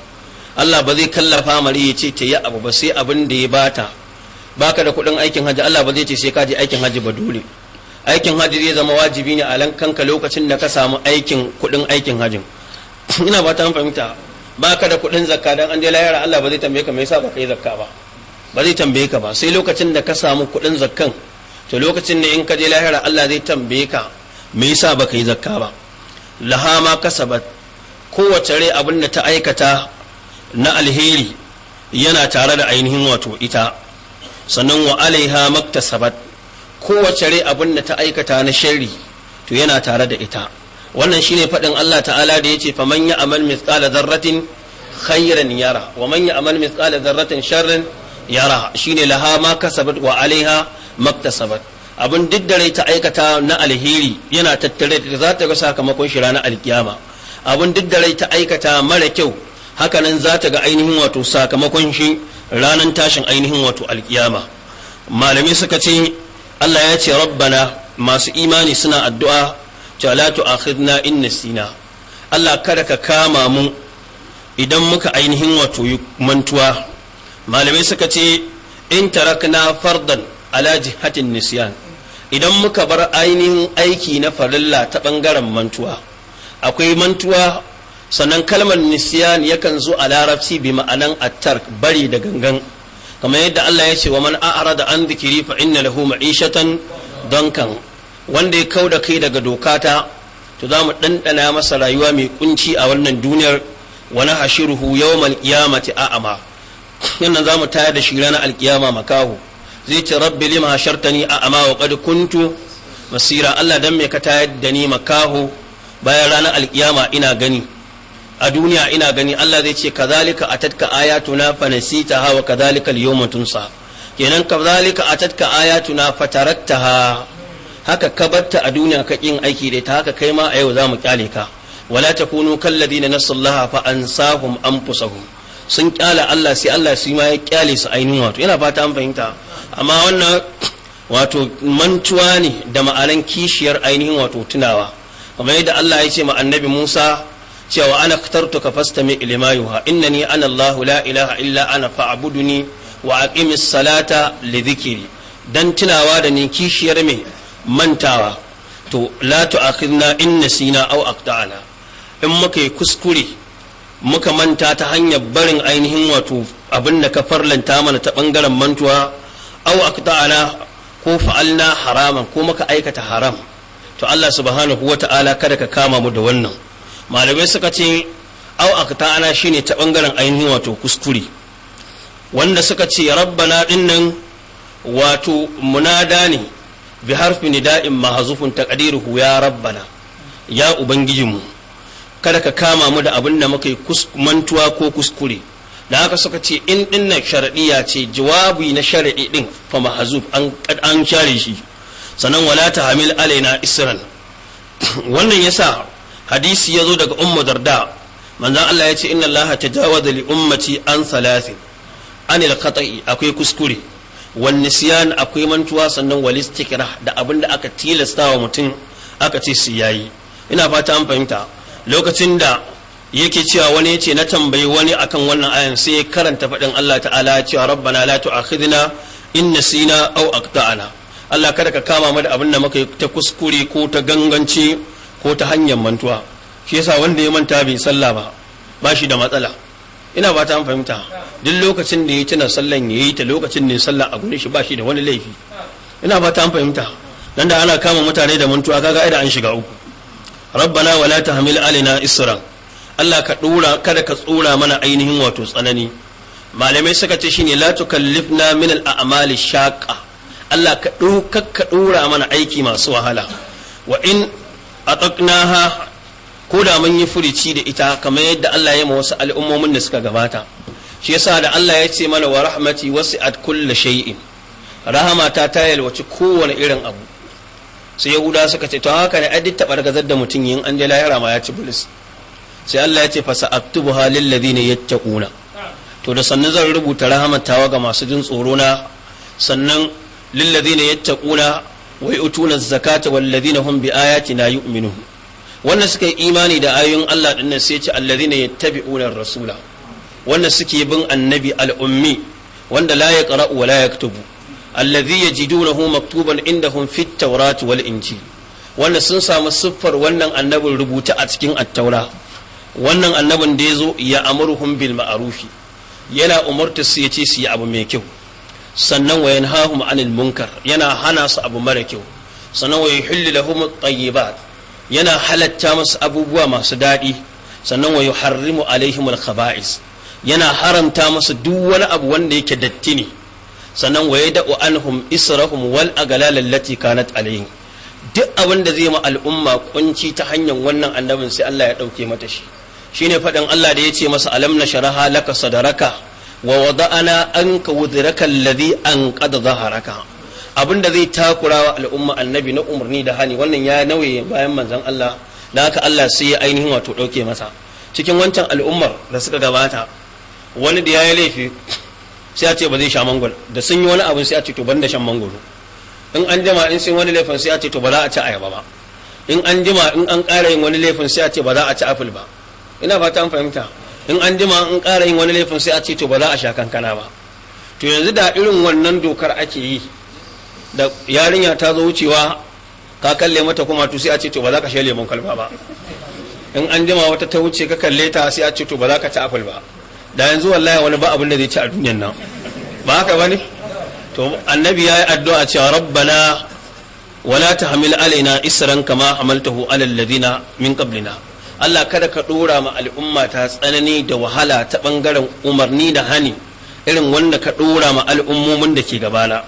Allah ba zai kallafa mari yace ta yi abu ba sai abin da ya bata baka da kuɗin aikin haji Allah ba zai ce sai ka je aikin haji ba dole aikin haji zai zama wajibi ne a kanka lokacin da ka samu aikin kuɗin aikin hajin [CLEARS THROAT] ina ba ta fahimta baka da kuɗin zakka dan an je lahira Allah ba zai tambaye ka me yasa baka yi zakka ba ba zai tambaye ka ba sai lokacin da ka samu kuɗin zakkan to lokacin da in ka je lahira Allah zai tambaye ka me yasa baka yi zakka ba laha ma kasabat kowace rai abin da ta aikata na alheri yana tare da ainihin wato ita sannan wa alaiha maktasabat kowace rai abin da ta aikata na sharri to yana tare da ita wannan shine faɗin Allah ta'ala da yace faman ya amal mithqala dharratin khayran yara wa man ya amal mithqala dharratin sharran yara shine laha ma kasabat wa alaiha maktasabat abin duk da ta aikata na alheri yana tattare da za ta ga sakamakon shi ranar alkiyama abin duk ta aikata mara kyau hakanan za ta ga ainihin wato sakamakon shi ranar tashin ainihin wato alkiyama malami suka ce Allah ya ce rabbana masu imani suna addu'a ta la tu'akhidna in nasina Allah kada ka kama mu idan muka ainihin wato mantuwa malamai suka ce in tarakna fardan ala jihatin nisyan idan muka bar ainihin aiki na farilla ta ɓangaren mantuwa akwai mantuwa sannan kalmar nisiyan yakan zo a larabci bi ma'anan attar bari da gangan kamar yadda Allah ya ce wa man a'ara da an zikiri fa inna lahu ma'ishatan dankan wanda ya kau da kai daga dokata to za mu ɗanɗana masa rayuwa mai kunci a wannan duniyar wa hashiruhu yawmal qiyamati a'ama yannan za mu tayar da shi ranar alkiyama makaho zai ce rabbi lima hashartani a ama wa qad kuntu Allah dan me ka tayar da ni makaho bayan ranar alkiyama ina gani a duniya ina gani Allah zai ce kazalika atatka ayatuna fanasitaha wa kazalika al-yawma tunsa kenan kazalika atatka ayatuna fatarattaha haka ka batta a duniya ka kin aiki da ta haka kai ma a yau zamu kyale ka wala takunu na nasallaha fa ansahum anfusahum sun kyale Allah sai Allah shi ma ya kyale su ainihin wato ina fata an fahimta amma wannan wato mantuwa ne da ma'anan kishiyar ainihin wato tunawa kamar yadda Allah ya ce ma annabi Musa cewa ana ka mai ilima inna ni ana Allah la ilaha illa ana ni wa aqimis salata li dhikri dan tunawa da ni kishiyar mai mantawa to la tu'akhidna in nasina aw aqta'na in muka yi kuskure muka manta ta hanyar barin ainihin wato abin da ka farlanta mana ta bangaren mantuwa aw akta'ana ko fa'alna haraman ko muka aikata haram to Allah subhanahu wata'ala kada ka kama mu da wannan malamai suka ce aw aqta'ana shine ta bangaren ainihin wato kuskure wanda suka ce rabbana dinnan wato munada ne bi harfi nida'in mahzufun taqdiruhu ya rabbana ya ubangijinmu kada ka kama mu da abin da muka yi mantuwa ko kuskure da haka suka ce in dinnan shar'iyya ce jawabi na shar'i din fa mahzuf an an share shi sanan wala ta hamil alaina isran [COUGHS] wannan yasa hadisi yazo daga ummu darda manzon Allah ya ce inna Allah tajawaza li ummati an thalathin anil khata'i akwai kuskure wan nisyan akwai mantuwa sannan wal istikrah da abinda aka tilasta wa mutum aka ce su yayi ina fata an fahimta lokacin da yake cewa wani yace na tambayi wani akan wannan ayan sai karanta faɗin Allah ta'ala ya cewa rabbana la tu'akhidna in nasina aw aqta'na Allah kada ka kama mu da abin da muka yi ta kuskure ko ta ganganci ko ta hanyar mantuwa shi yasa wanda ya manta bai sallah ba ba shi da matsala ina ba ta fahimta duk lokacin da ya tuna sallan ya yi ta lokacin ne sallah a gure shi ba shi da wani laifi ina ba ta fahimta nan da ana kama mutane da mantuwa kaga ai da an shiga uku rabbana wala tahmil alaina isran Allah ka dora kada ka tsora mana ainihin wato tsanani malamai suka ce shine la tukallifna min al a'mali shaqa Allah ka dokar ka dora mana aiki masu wahala wa in ataqnaha ko da mun yi furici da ita kamar yadda Allah ya ma wasu al'ummomin da suka gabata shi yasa da Allah ya ce mana wa rahmati wasi'at kulli shay'in rahama ta tayal wace kowane irin abu sai yahuda suka ce to haka ne ai duk tabargazar da mutum yin an je lahira ma ya ci bulis sai Allah ya ce fa sa'aktubu halil ladina yattaquna to da sannan zan rubuta rahamatawa ga masu jin tsoro na sannan lil ladina yattaquna wa yutuna zakata wal ladina hum bi ayatina yu'minun wannan suka yi imani da ayoyin Allah din nan sai ya ce alladina yattabi'una rasula wannan suke bin annabi al-ummi wanda la yaqra'u wa la yaktubu alladhi yajidunahu maktuban indahum fit tawrat wal injil wannan sun samu siffar wannan annabin rubuta a cikin attaura wannan annabin da ya zo ya amurhum bil ma'arufi yana umarta su ya ce su yi abu mai kyau sannan wa yanhahum anil munkar yana hana su abu mara kyau sannan wa yuhillu lahum tayyibat yana halatta masu abubuwa masu daɗi sannan wa yuharrimu alaihim al-khaba'is yana haramta masu duk wani abu wanda yake datti ne sannan wa yada'u anhum israhum wal aghlal allati kanat alaihim duk abin da zai ma al'umma kunci ta hanyar wannan annabin sai Allah ya ɗauke mata shi shine faɗin Allah da ya ce masa alam na sharaha laka sadaraka wa wada'ana anka wudraka alladhi anqada zaharaka abinda zai takurawa al'umma annabi na umarni da hani wannan ya nauye bayan manzon Allah da haka Allah sai ya ainihin wato ɗauke masa cikin wancan al'ummar da suka gabata wani da ya yi laifi sai a ce ba zai sha mangol da sun yi wani abin sai a ce to ban da shan mangoro in an jima in sun wani laifin sai a ce to ba za a ci ayaba ba in an jima in an ƙara yin wani laifin sai a ce ba za a ci afil ba ina fata an fahimta in an jima in ƙara yin wani laifin sai a ce to ba za a sha kankana ba to yanzu da irin wannan dokar ake yi da yarinya ta zo wucewa ka kalle mata kuma to sai a ce to ba za ka sha lemon kwalba ba in an jima wata ta wuce ka kalle ta sai a ce to ba za ka ci apple ba da yanzu wallahi wani ba abin da zai ci a duniyan nan ba haka bane to annabi ya yi addu'a cewa rabbana wala tahmil alaina isran kama hamaltahu alal ladina min qablina Allah kada ka ɗora ma al'umma ta tsanani da wahala ta ɓangaren umarni da hani irin wanda ka ɗora ma al'ummomin da ke gabana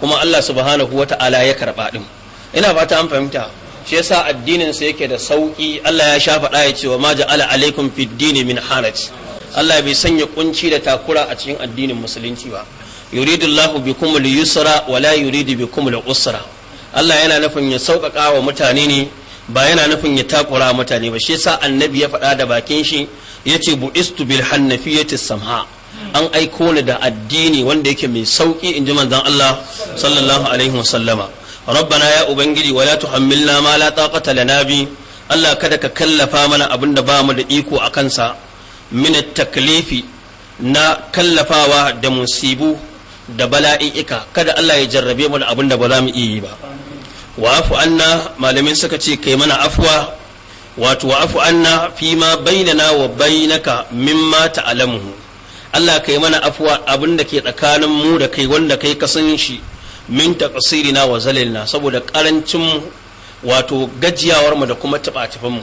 kuma Allah subhanahu ta'ala, ya karɓa ɗin. ina fata an fahimta shi yasa addinin sa yake da sauƙi. Allah ya sha faɗa ya ce wa ma ja'ala alaikum fid dini min haraj Allah bai sanya kunci da takura a cikin addinin musulunci ba yuridullahu bikum al-yusra wa la yuridu bikum al-usra Allah yana nufin ya sauƙaƙa wa mutane ne ba yana nufin ya takura mutane ba shi yasa annabi ya faɗa da bakin shi yace bu'istu bil hannafiyati samha an aiko ni da addini wanda yake mai sauki in ji manzon Allah sallallahu alaihi wa sallama rabbana ya ubangiji wala tuhammilna ma la taqata lana bi Allah kada ka kallafa mana abinda da bamu da iko a kansa min taklifi na kallafawa da musibu da bala'i'ika kada Allah ya jarrabe mu da abin da ba za mu iya yi ba wa afu anna malamin suka ce kai mana afwa wato wa afu anna fi ma na wa bainaka mimma ta'lamuhu Allah kai mana afwa abin da ke tsakanin mu da kai wanda kai ka san shi min taqsirina wa zalilna saboda karancin mu wato gajiyawar mu da kuma tabatifan mu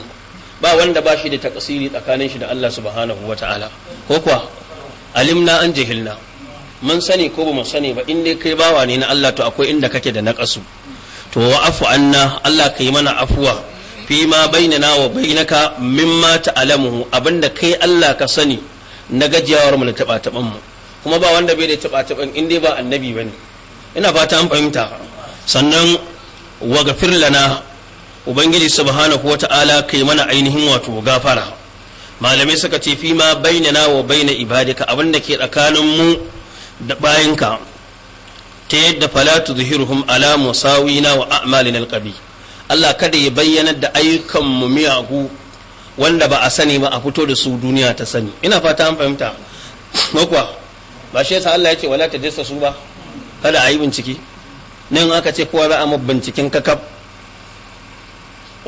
ba wanda ba shi da taqsiri tsakanin shi da Allah subhanahu ta'ala. ko kuwa alimna an jahilna mun sani ko ba mu sani ba in dai kai bawa ne na Allah to akwai inda kake da naqasu to afu anna Allah ka yi mana afuwa fi ma bainana wa bainaka mimma ta'lamu abinda kai Allah ka sani na gajiyawar mu na taba taban mu kuma ba wanda bai da taba taban in dai ba annabi bane ina fata an fahimta sannan wa gafir lana ubangiji subhanahu wata'ala kai mana ainihin wato gafara malamai suka ce fi ma bainana wa baina ibadika abinda ke tsakanin mu da bayinka ta yadda falatu zuhiruhum ala musawina wa a'malina alqabi Allah kada ya bayyana da ayyukan mu miyagu wanda ba a sani ba a fito da su duniya ta sani ina fata an fahimta makwa ba shi yasa Allah ya ce wala jissa su ba kada ayi bincike nan aka ce kowa za a binciken kaf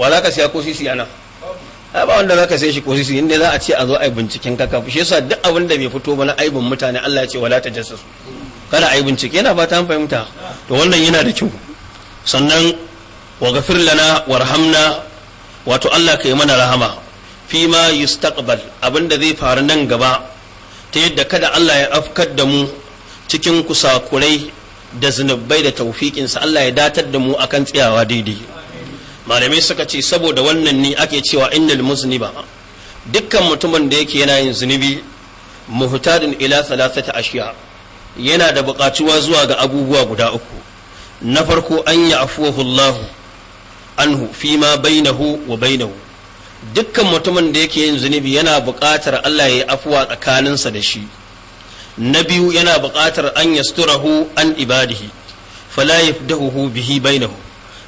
wala ka siya ko sisi ana a ba wanda za ka sai shi ko sisi inda za a ce a zo a yi binciken kaf shi yasa duk abin da bai fito ba na aibin mutane Allah ya ce wala jissa su kada a yi bincike yana fata an fahimta to wannan yana da kyau sannan wa gafir lana warhamna wato Allah ka yi mana rahama fi ma yustaqbal abinda zai faru nan gaba ta yadda kada Allah ya afkar da mu cikin kusakurai da zunubai da taufikinsa Allah ya datar da mu akan tsayawa daidai malamai suka ce saboda wannan ne ake cewa innal muzniba dukkan mutumin da yake yana yin zunubi muhtadin ila thalathata ashiya yana da buƙatuwa zuwa ga abubuwa guda uku na farko an yi afuwahullahu anhu fi ma bainahu wa bainahu dukkan mutumin da yake yin zunubi yana buƙatar Allah ya yi afuwa tsakaninsa da shi na biyu yana buƙatar an yasturahu an ibadihi fala yafdahu bihi bainahu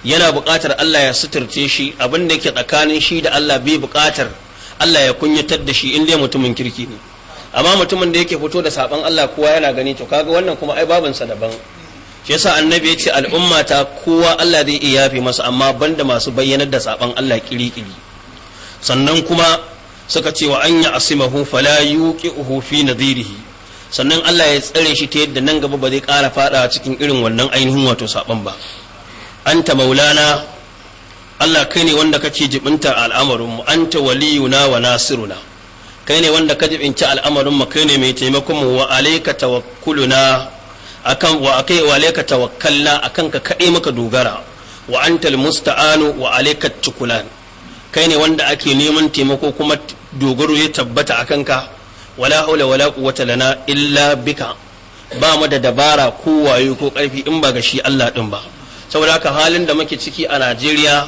yana buƙatar Allah ya suturce shi abin da yake tsakanin shi da Allah bai buƙatar Allah ya kunyatar da shi in dai mutumin kirki ne amma mutumin da yake fito da saban Allah kowa yana gani to kaga wannan kuma ai babin sa daban shi yasa annabi ya ce al'umma ta kowa Allah zai iya yafe masa amma banda masu bayyanar da saban Allah kiri-kiri sannan kuma suka ce wa an asimahu fala yuqihu fi nadirihi sannan Allah ya tsare shi ta yadda nan gaba ba zai ƙara fada cikin irin wannan ainihin wato saban ba anta maulana Allah kai ne wanda kake jibinta al'amarin mu anta waliyuna wa nasiruna kai ne wanda ka jibinci al'amarin mu kai ne mai taimakon mu wa alayka tawakkuluna akan wa akai wa alayka tawakkalna akan ka kadai maka dogara wa antal musta'anu wa alayka tukulan kai ne wanda ake neman taimako kuma dogaro ya tabbata akan ka wala haula wala quwwata lana illa bika ba mu da dabara ko wayo ko karfi in ba ga shi Allah din ba saboda haka halin da muke ciki a Najeriya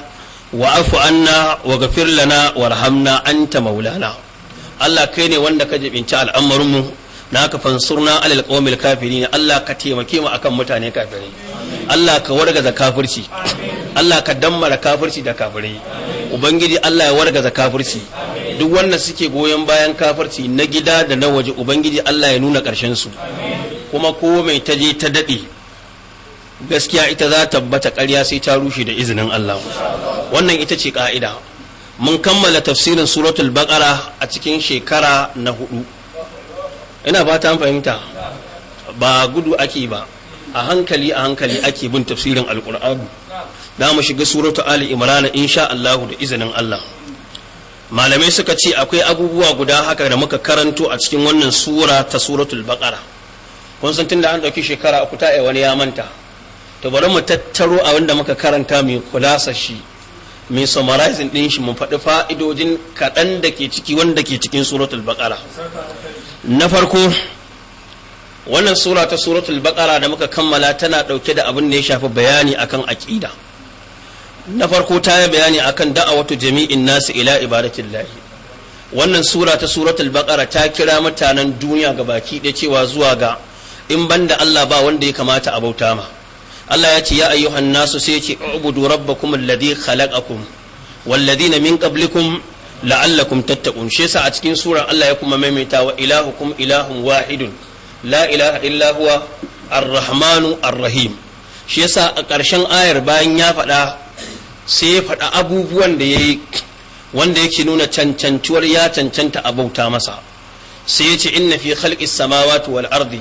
wa afu anna wa gafir lana warhamna anta maulana Allah kai ne wanda ka jibinci al'amarin mu na ka fansurna alal qawmil kafirin Allah ka taimake mu akan mutane kafirai Allah ka wargaza kafirci Allah ka dammara kafirci da kafirai ubangiji Allah ya wargaza kafirci duk wanda suke goyon bayan kafirci na gida da na waje ubangiji Allah ya nuna ƙarshen su kuma ko mai ta je ta daɗe gaskiya ita za ta bata ƙarya sai ta rushe da izinin Allah wannan ita ce ƙa'ida mun kammala tafsirin suratul baqara a cikin shekara na hudu ina fata ta fahimta ba gudu ake ba a hankali a hankali ake bin tafsirin alkur'ani da mu shiga suratu ali imran insha Allah da izinin Allah malamai suka ce akwai abubuwa guda haka da muka karanto a cikin wannan sura ta suratul baqara kun san tunda an dauki shekara uku ta wani ya manta to bari mu tattaro abin da muka karanta mu kulasa shi mai summarizing ɗin shi mun faɗi fa'idojin kaɗan da ke ciki wanda ke cikin suratul bakara na farko wannan sura ta suratul baqara da muka kammala tana ɗauke da abin da ya shafi bayani akan aƙida na farko ta yi bayani akan da'awatu jami'in nasu ila ibadatillahi wannan sura ta suratul baqara ta kira mutanen duniya ga baki da cewa zuwa ga in banda Allah ba wanda ya kamata a bauta ma Allah ya ce ya ayyuhan nasu sai ce ubudu rabbakum alladhi khalaqakum walladhina min qablikum la'allakum tattaqun shi yasa a cikin sura Allah ya kuma maimaita wa ilahukum ilahun wahidun la ilaha illa huwa ar-rahmanu shi yasa a ƙarshen ayar bayan ya faɗa sai ya faɗa abubuwan da yayi wanda yake nuna cancantuwar ya cancanta a bauta masa sai ya ce inna fi khalqis samawati wal ardi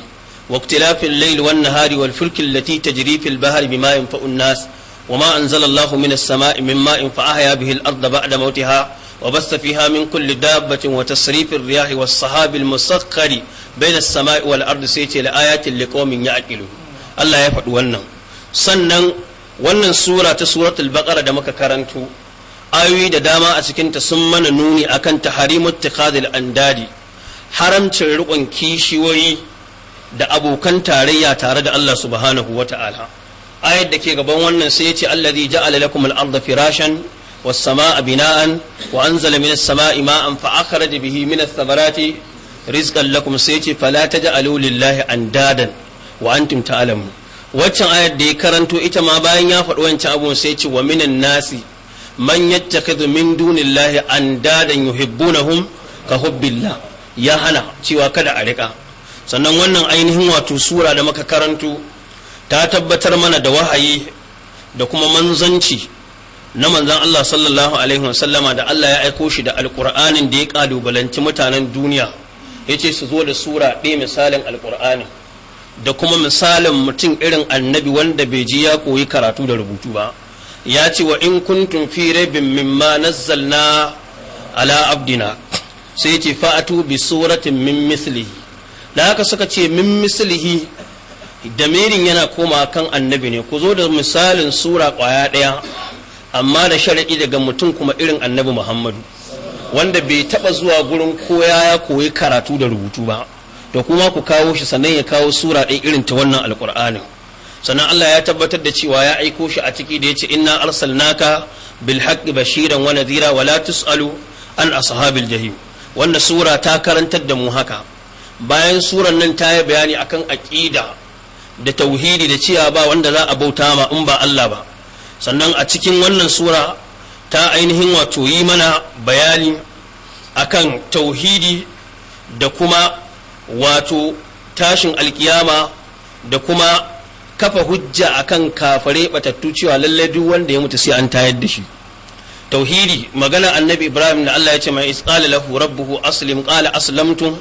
واختلاف الليل والنهار والفلك التي تجري في البحر بما ينفع الناس وما أنزل الله من السماء من ماء فأحيا به الأرض بعد موتها وبث فيها من كل دابة وتصريف الرياح والصحاب المسخر بين السماء والأرض سيتي لآيات لقوم يعقلون الله يفعل ونن sannan wannan sura ta suratul baqara da muka karanto ayoyi da dama a cikin ta sun mana nuni akan taharimut tikhadil andadi haramcin rikon kishiyoyi da abokan tarayya tare da Allah subhanahu wa ta'ala ayat da ke gaban wannan sai ya ce Allah ja'ala lakum al-ardha firashan was samaa bina'an wa anzala minas samaa'i ma'an fa akhraja bihi min ath-thamarati lakum sai ce fala taj'alu lillahi andadan wa tumta alamu. waccan ayat da ya karanto ita ma bayan ya faɗi wancan abun sai ce wa minan nasi man yattakhidhu min dunillahi andadan yuhibbunahum ka hubbillah ya hana cewa kada a riƙa sannan wannan ainihin wato sura da maka karantu ta tabbatar mana da wahayi da kuma manzanci na manzan Allah sallallahu alaihi wasallama da Allah ya aiko shi da alkur'anin da ya kalubalanci mutanen duniya ya ce su zo da sura ɗaya misalin alkur'ani da kuma misalin mutum irin annabi wanda bai ji ya koyi karatu da rubutu ba ya ce wa in kuntum fi raibin mimma nazzalna ala abdina sai ya ce fa'atu bi suratin min mislihi da haka suka ce min mislihi damirin yana koma kan annabi ne ku zo da misalin sura ƙwaya ɗaya amma da sharaɗi daga mutum kuma irin annabi muhammadu wanda bai taɓa zuwa gurin koya ya koyi karatu da rubutu ba da kuma ku kawo shi sannan ya kawo sura ɗaya irin ta wannan alƙur'anin sannan Allah ya tabbatar da cewa ya aiko shi a ciki da ya ce inna arsalnaka bil haqqi bashiran wa nadira wa la tusalu an ashabil jahim wanda sura ta karantar da mu haka bayan suran nan ta yi bayani akan aƙida da tauhidi da cewa ba wanda za a bauta ma in ba Allah ba sannan a cikin wannan sura ta ainihin wato yi mana bayani akan tauhidi da kuma wato tashin alkiyama da kuma kafa hujja akan kafare batattu cewa lallai duk wanda ya mutu sai an tayar da shi tauhidi magana annabi ibrahim da Allah ya ce mai isqala lahu rabbuhu aslim qala aslamtu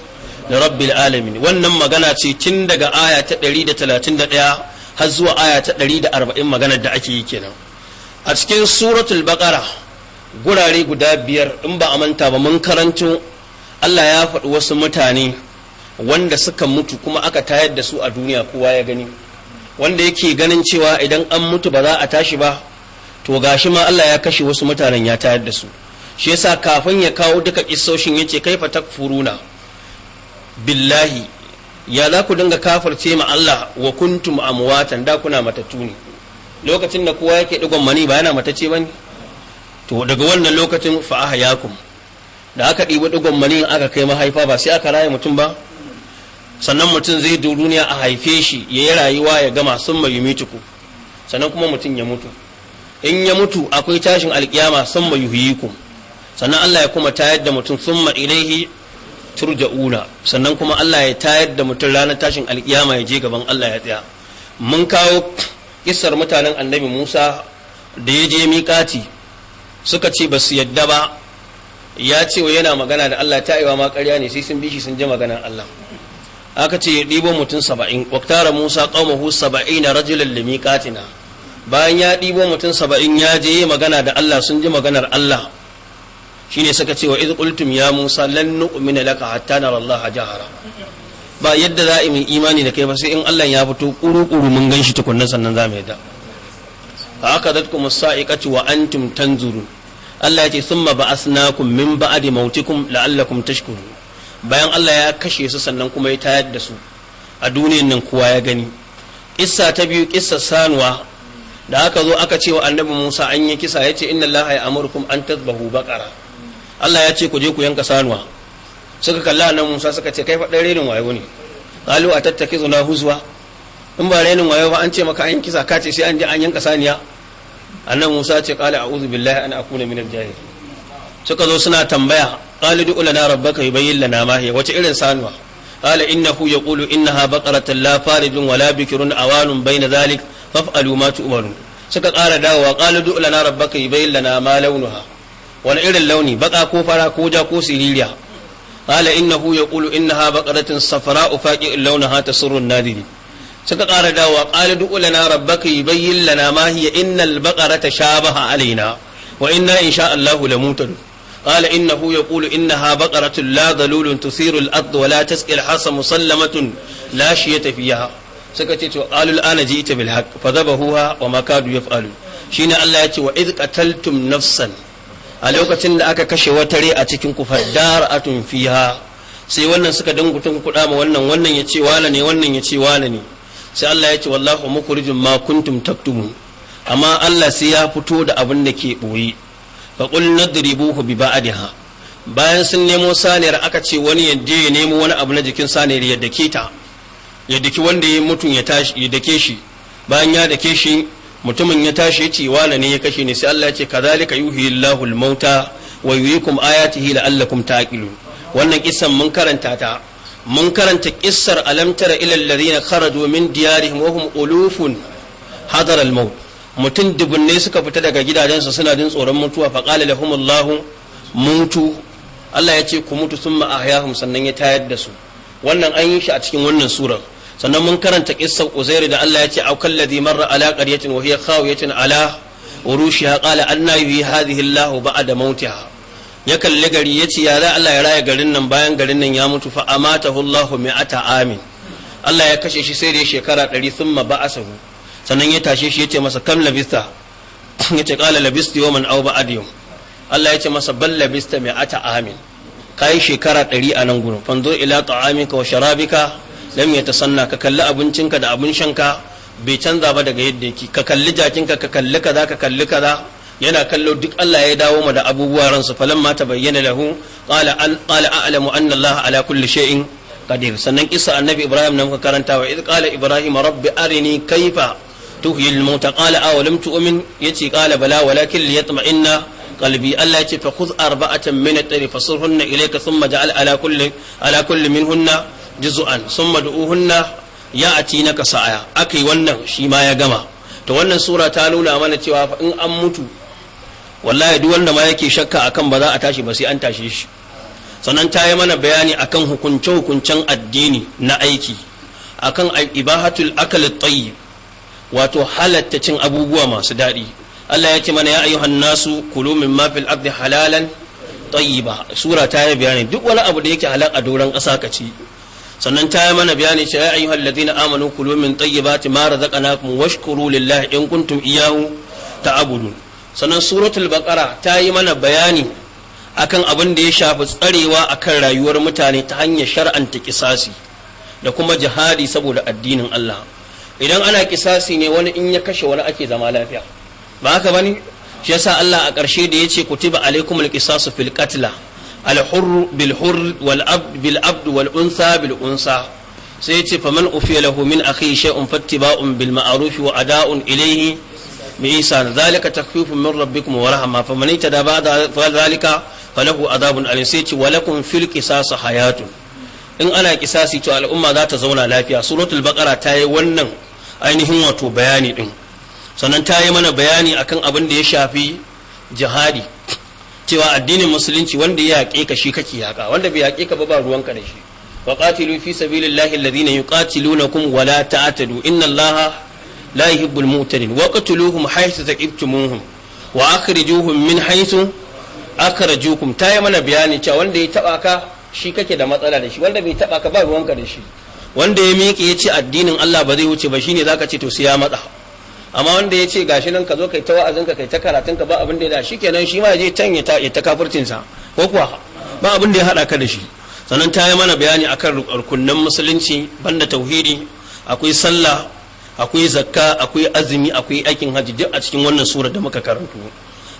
da rabbil alamin wannan magana ce tun daga aya ta 131 har zuwa aya ta 140 maganar da ake yi kenan a cikin suratul baqara gurare guda biyar in ba a manta ba mun karanto Allah ya faɗi wasu mutane wanda suka mutu kuma aka tayar da su a duniya kowa ya gani wanda yake ganin cewa idan an mutu ba za a tashi ba to gashi ma Allah ya kashe wasu mutanen ya tayar da su shi yasa kafin ya kawo duka kissoshin yace kaifa takfuruna billahi ya za ku dinga kafarce ma Allah wa kuntum amwatan da kuna matattu ne lokacin da kowa yake digon mani ba yana ba bane to daga wannan lokacin fa ahyakum da aka ɗiba digon mani aka kai mahaifa ba sai aka raye mutum ba sannan mutum zai duniya a haife shi ya yi rayuwa ya gama sun mai sannan kuma mutum ya mutu in ya mutu akwai tashin alkiyama sun mai ku sannan Allah ya kuma tayar da mutum sun ilaihi turja'una sannan kuma Allah ya tayar da mutum ranar tashin alkiyama ya je gaban Allah ya tsaya mun kawo kissar mutanen annabi Musa da ya je miƙati suka ce ba su yadda ba ya ce wa yana magana da Allah ta aiwa ma ƙarya ne sai sun bi shi sun ji maganar Allah aka ce ya ɗibo mutum saba'in waktara musa ƙaumahu na rajulan miƙatina bayan ya ɗibo mutum saba'in ya je magana da Allah sun ji maganar Allah shine suka ce wa idh qultum ya musa lan nu'mina laka hatta nara allaha jahara ba yadda za mu imani da kai ba sai in Allah ya fito kurukuru kuru mun gan shi tukunna sannan za mu yadda fa aka zatkum sa'iqatu wa antum tanzurun Allah ya ce summa ba'asnakum min ba'di mautikum la'allakum tashkurun bayan Allah ya kashe su sannan kuma ya tayar da su a duniyan nan kowa ya gani kissa ta biyu kissa sanuwa da aka zo aka ce wa annabi Musa an yi kisa ya yace inna laha ya amurkum an tazbahu baqara Allah ya ce ku je ku yanka sanuwa suka kalla nan Musa suka ce kai faɗin renin wayo ne qalu atattakizu na huzwa in ba renin wayo ba an ce maka an kisa ka ce sai an je an yanka saniya annan Musa ce qala a'udhu billahi an akuna minal jahil suka zo suna tambaya qalu du'u lana rabbaka yubayyin lana ma hiya wace irin sanuwa qala innahu yaqulu innaha baqaratun la farijun wala bikrun awalun bayna dhalik faf'alu ma tu'marun suka ƙara dawowa qalu du'u lana rabbaka yubayyin lana ma launuha wani irin launi baka ko fara ko ja ko siririya qala innahu yaqulu innaha baqaratun safra'u faqi'un launaha tasurru an-nadiri suka ƙara dawa qala du'u lana rabbaka yubayyin lana ma hiya innal baqarata shabaha alaina wa inna insha Allah lamutadun قال إنه يقول إنها بقرة لا ذلول تثير الأرض ولا تسقي الحرث مسلمة لا شية فيها سكتت قال الآن جئت بالحق فذبحوها وما كادوا يفعلون شين الله وإذ قتلتم نفسا a lokacin da aka kashe wata rai a cikin ku atun fiha sai wannan suka dangutun kuɗa ma wannan wannan ya ce wala ne wannan ya ce wala ne sai Allah ya ce wallahu mukhrijum ma kuntum taktumun amma Allah sai ya fito da abin da ke boye fa qul nadribuhu bi ba'diha bayan sun nemo saniyar aka ce wani je ya nemo wani abu na jikin saniyar ya dake ta ya daki wanda ya mutum ya tashi ya dake shi bayan ya dake shi mutumin ya tashi ce wala ne ya kashe ni sai Allah ya ce kadhalika yuhi Allahu al-mauta wa yuriikum ayatihi la'allakum taqilun wannan kissan mun karanta ta mun karanta kissar alam tara ila alladhina kharaju min diyarihim wa hum ulufun hadar al-maut mutum dubunne suka fita daga gidajensu suna jin tsoron mutuwa fa qala lahum Allah mutu Allah ya ce ku mutu summa ahyahum sannan ya tayar da su wannan an yi shi a cikin wannan surar sannan mun karanta kissan uzairu da Allah ya ce au kalladhi marra ala qaryatin wa hiya khawiyatun ala urushiha qala anna yuhyi hadhihi Allahu ba'da mautiha ya kalli gari ya ce ya za Allah ya raya garin nan bayan garin nan ya mutu fa amatahu Allahu mi'ata amin Allah ya kashe shi sai da shekara 100 thumma ba'asahu sannan ya tashe shi ya ce masa kam labista [CLEARS THROAT] ya ce qala labistu yawman aw ba'd yawm Allah ya ce masa bal labista mi'ata amin kai shekara 100 a nan gurin fanzur ila ta'amika wa sharabika lam yatasanna ka kalli abincinka da abin shanka bai canza ba daga yadda yake ka kalli jakinka ka kalli kaza ka kalli kaza yana kallo duk Allah ya dawo ma da abubuwa ransu falamma tabayyana lahu qala an qala a'lamu anna Allah ala kulli shay'in qadir sannan kissa annabi Ibrahim nan muka karanta wa idh qala Ibrahim rabbi arini kaifa tuhyi al-mauta qala aw lam tu'min yace qala bala walakin liyatma'inna qalbi Allah yace fa khudh arba'atan min at-tayr fasurhunna ilayka thumma ja'al ala kulli ala kulli minhunna juz'an summa du'uhunna ya'ati naka sa'aya akai wannan shi ma ya gama to wannan sura ta nuna mana cewa in an mutu wallahi duk wanda ma yake shakka akan ba za a tashi ba sai an tashe shi sannan ta yi mana bayani akan hukunce-hukuncen addini na aiki akan ibahatul akal tayyib wato halatta cin abubuwa masu daɗi Allah ya ce mana ya ayyuhan nasu kulu min ma fil ardi halalan tayyiba sura ta yi bayani duk wani abu da yake halal a doron ƙasa ka ci sannan ta yi mana bayani cewa ya ayyuhal ladina amanu kulu min tayyibati ma razaqnakum washkuru lillahi in kuntum iyyahu ta'budun sannan suratul baqara ta yi mana bayani akan abin da ya shafi tsarewa akan rayuwar mutane ta hanyar shar'anta kisasi da kuma jihadi saboda addinin Allah idan ana kisasi ne wani in ya kashe wani ake zama lafiya ba haka bane shi yasa Allah a ƙarshe da yace kutiba alaikumul qisasu fil qatla alhur bilhur bilabd walunsa bilunsa sai ya ce faman ufiya lahu min akhi shay'un fattiba'un bil ma'arufi wa ada'un ilayhi bi isan zalika takhfifun min rabbikum wa rahma faman itada ba'da fa zalika falahu adabun alayhi sai ce walakum fil qisas hayatun in ana kisasi to al'umma za ta zauna lafiya suratul baqara ta yi wannan ainihin wato bayani din sannan ta yi mana bayani akan abin da ya shafi jihadi cewa addinin musulunci wanda ya yaƙe ka shi kake yaƙa wanda bai yaƙe ka ba ba ruwanka da shi wa qatilu fi sabilillahi alladhina yuqatilunakum wa la ta'tadu inna allaha la yuhibbul mu'tadin wa qatiluhum haythu taqibtumuhum wa akhrijuhum min haythu akhrajukum tayi mana bayani cewa wanda ya taba ka shi kake da matsala da shi wanda bai taba ka ba ruwanka da shi wanda ya miƙe ya ce addinin Allah ba zai wuce ba shine zaka ce to sai ya matsa amma wanda ya ce gashi nan ka zo kai ta wa'azin ka kai ta karatun ka ba abin da ya shi kenan shi ma ya je can ya ta ta kafircin ko kuwa ba abin da ya hada ka da shi sannan ta yi mana bayani akan rukunnan musulunci banda tauhidi akwai sallah akwai zakka akwai azumi akwai aikin haji duk a cikin wannan sura da muka karanto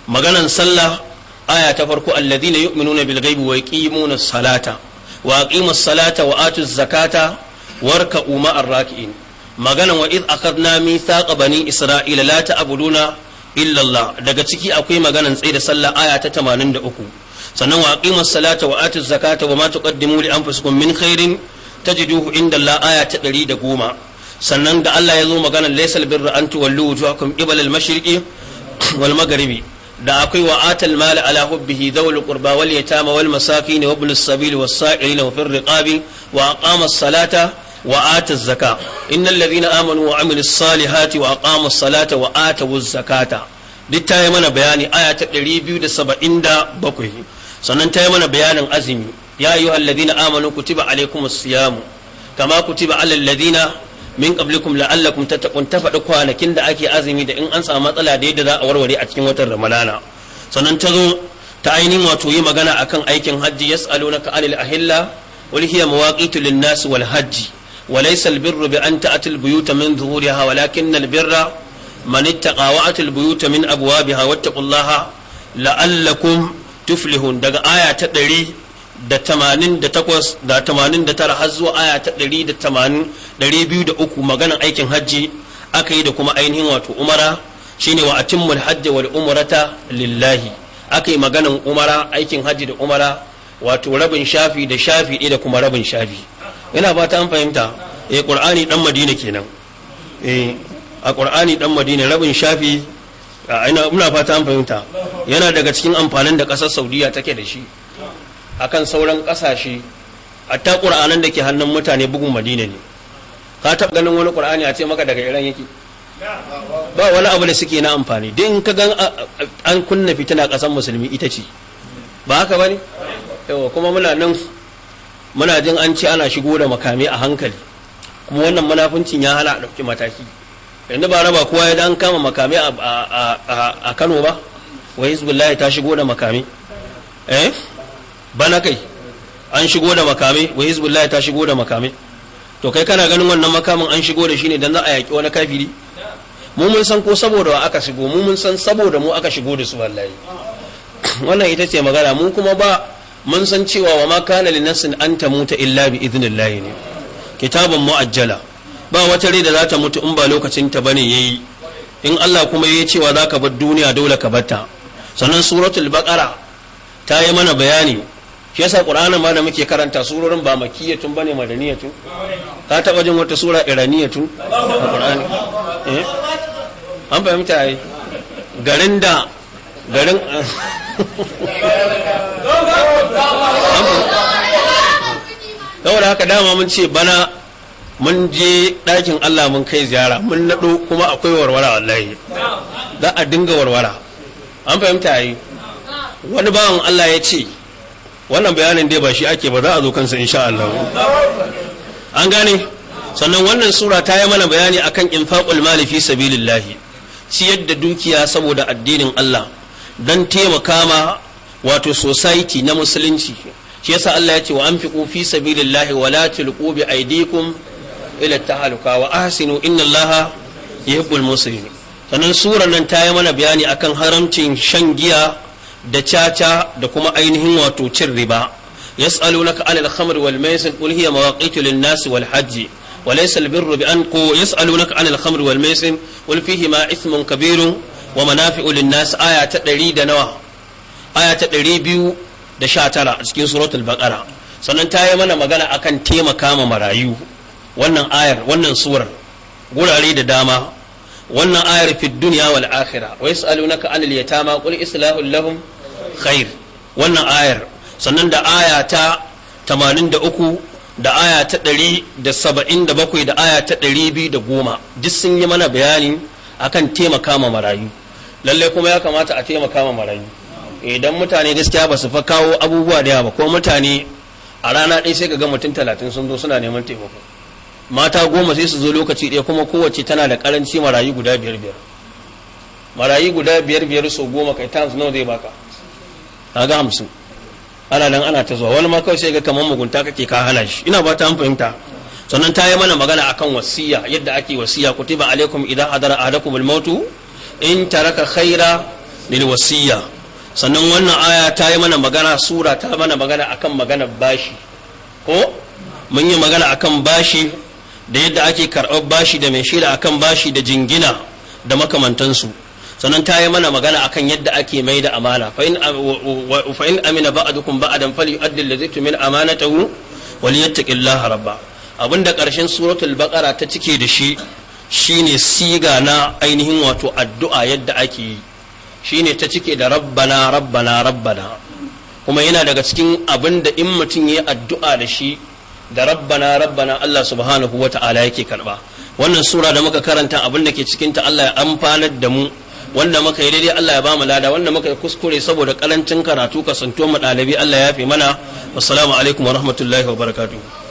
maganan sallah aya ta farko alladhina yu'minuna bil ghaibi wa yuqimuna salata wa aqimus salata wa atuz zakata warka'u ma'ar raki'in maganan wa iz akhadna mithaqa bani isra'ila la ta'buduna illa Allah daga ciki akwai maganan tsaye da sallah aya ta 83 sannan wa aqimus salata wa atuz zakata wa ma tuqaddimu li anfusikum min khairin tajiduhu inda Allah aya ta 110 sannan da Allah ya zo maganan laysal birra an tuwallu wujuhakum qibala al-mashriqi wal da akwai wa atal mala ala hubbihi dhawul qurba wal yatama wal masakin wa ibnus sabil was sa'ilin wa fir riqabi wa salata وآت الزكاة إن الذين آمنوا وعملوا الصالحات وأقاموا الصلاة وآتوا الزكاة duk ta mana bayani aya ta 277 sannan ta mana bayanin azumi ya yi alladhina amanu kutiba alaikum siyamu kama kutiba alal ladina min qablikum la'allakum ta faɗi kwanakin da ake azumi da in an samu matsala da yadda za a warware a cikin watan ramadana sannan ta ta ainihin wato yi magana akan aikin hajji yas yas'alunaka anil ahilla wal hiya mawaqitu lin-nas wal hajji وليس البر بأن تأتي البيوت من ظهورها ولكن البر من اتقى وأتى البيوت من أبوابها واتقوا الله لعلكم tuflihun daga aya ɗari da tamanin da takwas da tamanin da tara har zuwa aya ɗari da tamanin ɗari biyu da uku maganan aikin hajji aka yi da kuma ainihin wato umara shine wa atimmul hajji wal lillahi aka yi maganan umara aikin hajji da umara wato rabin shafi da shafi ɗaya da kuma rabin shafi ina ba ta an fahimta eh qur'ani madina kenan eh a qur'ani dan madina rabin shafi ina muna fata an fahimta yana daga cikin amfanin da kasar saudiya ke da shi kan sauran kasashe hatta qur'anan da ke hannun mutane bugun madina ne ka taɓa ganin wani qur'ani a ce maka daga iran yake ba wani abu da suke na amfani din ka gan an kunna fitina ƙasar musulmi ita ce ba haka ba ne kuma muna nan muna jin an ce ana shigo da makami a hankali kuma wannan munafuncin ya hana a ɗauki mataki yanzu ba raba kowa ya an kama makami a kano ba wa hizbullahi ta shigo da makami eh bana kai an shigo da makami wa hizbullahi ta shigo da makami to kai kana ganin wannan makamin an shigo da shi ne don za a yaƙi wani kafiri mu mun san ko saboda wa aka shigo mu mun san saboda mu aka shigo da su wallahi [COUGHS] wannan ita ce magana mu kuma ba mun san cewa wa ma kana li nafsin an tamuta illa bi idnillahi ne kitabun muajjala ba wata rai da za ta mutu in ba lokacin ta bane yayi in Allah kuma ya cewa za ka bar duniya dole ka bar ta sannan suratul baqara ta yi mana bayani shi yasa qur'anin ma da muke karanta surorin ba makiyatun bane madaniyatu ka taba jin wata sura iraniyatu qur'ani eh an fahimta ai garin da garin [LAUGHS] saboda haka dama mun ce bana mun je ɗakin Allah mun kai ziyara mun naɗo kuma akwai warwara wallahi za a dinga warwara an fahimta yi wani bawan Allah ya ce wannan bayanin dai ba shi ake ba za a zo kansa insha Allah an gane sannan wannan sura ta yi mana bayani akan infaqul mali fi sabilillahi ciyar da dukiya saboda addinin Allah don taimaka ma wato society na musulunci shi yasa Allah ya ce wa anfiqu fi sabilillahi wa la tulqu bi aydikum ila tahaluka wa ahsinu inna Allaha yuhibbul muslimin sannan surar nan ta yi mana bayani akan haramcin shan giya da caca da kuma ainihin wato cin riba yas'alunaka anil khamri wal maisir qul hiya mawaqitu lin nasi wal hajji وليس البر بأن يسألونك عن الخمر والميسر قل فيهما إثم كبير ومنافع للناس آية تدري دنوه aya ta tara a cikin suratul baqara sannan ta yi mana magana akan taimaka ma marayu wannan ayar wannan surar gurare da dama wannan ayar fi dunya wal akhira wa yasalunaka anil yatama qul islahul lahum khair wannan ayar sannan da aya ta 83 da aya ta 177 da aya ta 210 duk sun yi mana bayani akan taimaka ma marayu lallai kuma ya kamata a taimaka ma marayu idan mutane gaskiya ba su fa kawo abubuwa da yawa ko mutane a rana ɗaya sai ga mutum talatin sun zo suna neman taimako mata goma sai su zo lokaci ɗaya kuma kowace tana da karanci marayu guda biyar biyar marayu guda biyar biyar sau goma kai times nawa zai baka ga hamsin ana nan ana ta zuwa wani ma kawai sai ga kamar mugunta kake ka hana shi ina ba ta an fahimta sannan ta yi mana magana akan wasiya yadda ake wasiya kutiba alaikum idan hadara ahadakum ku bulma'utu in taraka khaira lil wasiya sannan wannan aya ta yi mana magana sura ta mana magana akan magana bashi ko mun yi magana akan bashi da yadda ake karɓar bashi da mai shaida akan bashi da jingina da makamantansu sannan ta yi mana magana akan yadda ake mai da amana fa in amina ba'adukum ba'adan amana ta tumin amanatahu waliyattaqillaha rabba da ƙarshen suratul baqara ta cike da shi shine siga na ainihin wato addu'a yadda ake yi shine ta cike da rabbana rabbana rabbana kuma yana daga cikin abin da in mutum ya addu'a da shi da rabbana rabbana Allah subhanahu wa ta'ala yake karba wannan sura da muka karanta abin da ke cikinta Allah ya amfanar da mu wanda muka yi daidai Allah ya ba mu lada wanda muka yi kuskure saboda karancin karatu santo mu ɗalibi Allah ya fi mana assalamu alaikum wa rahmatullahi wa barakatuh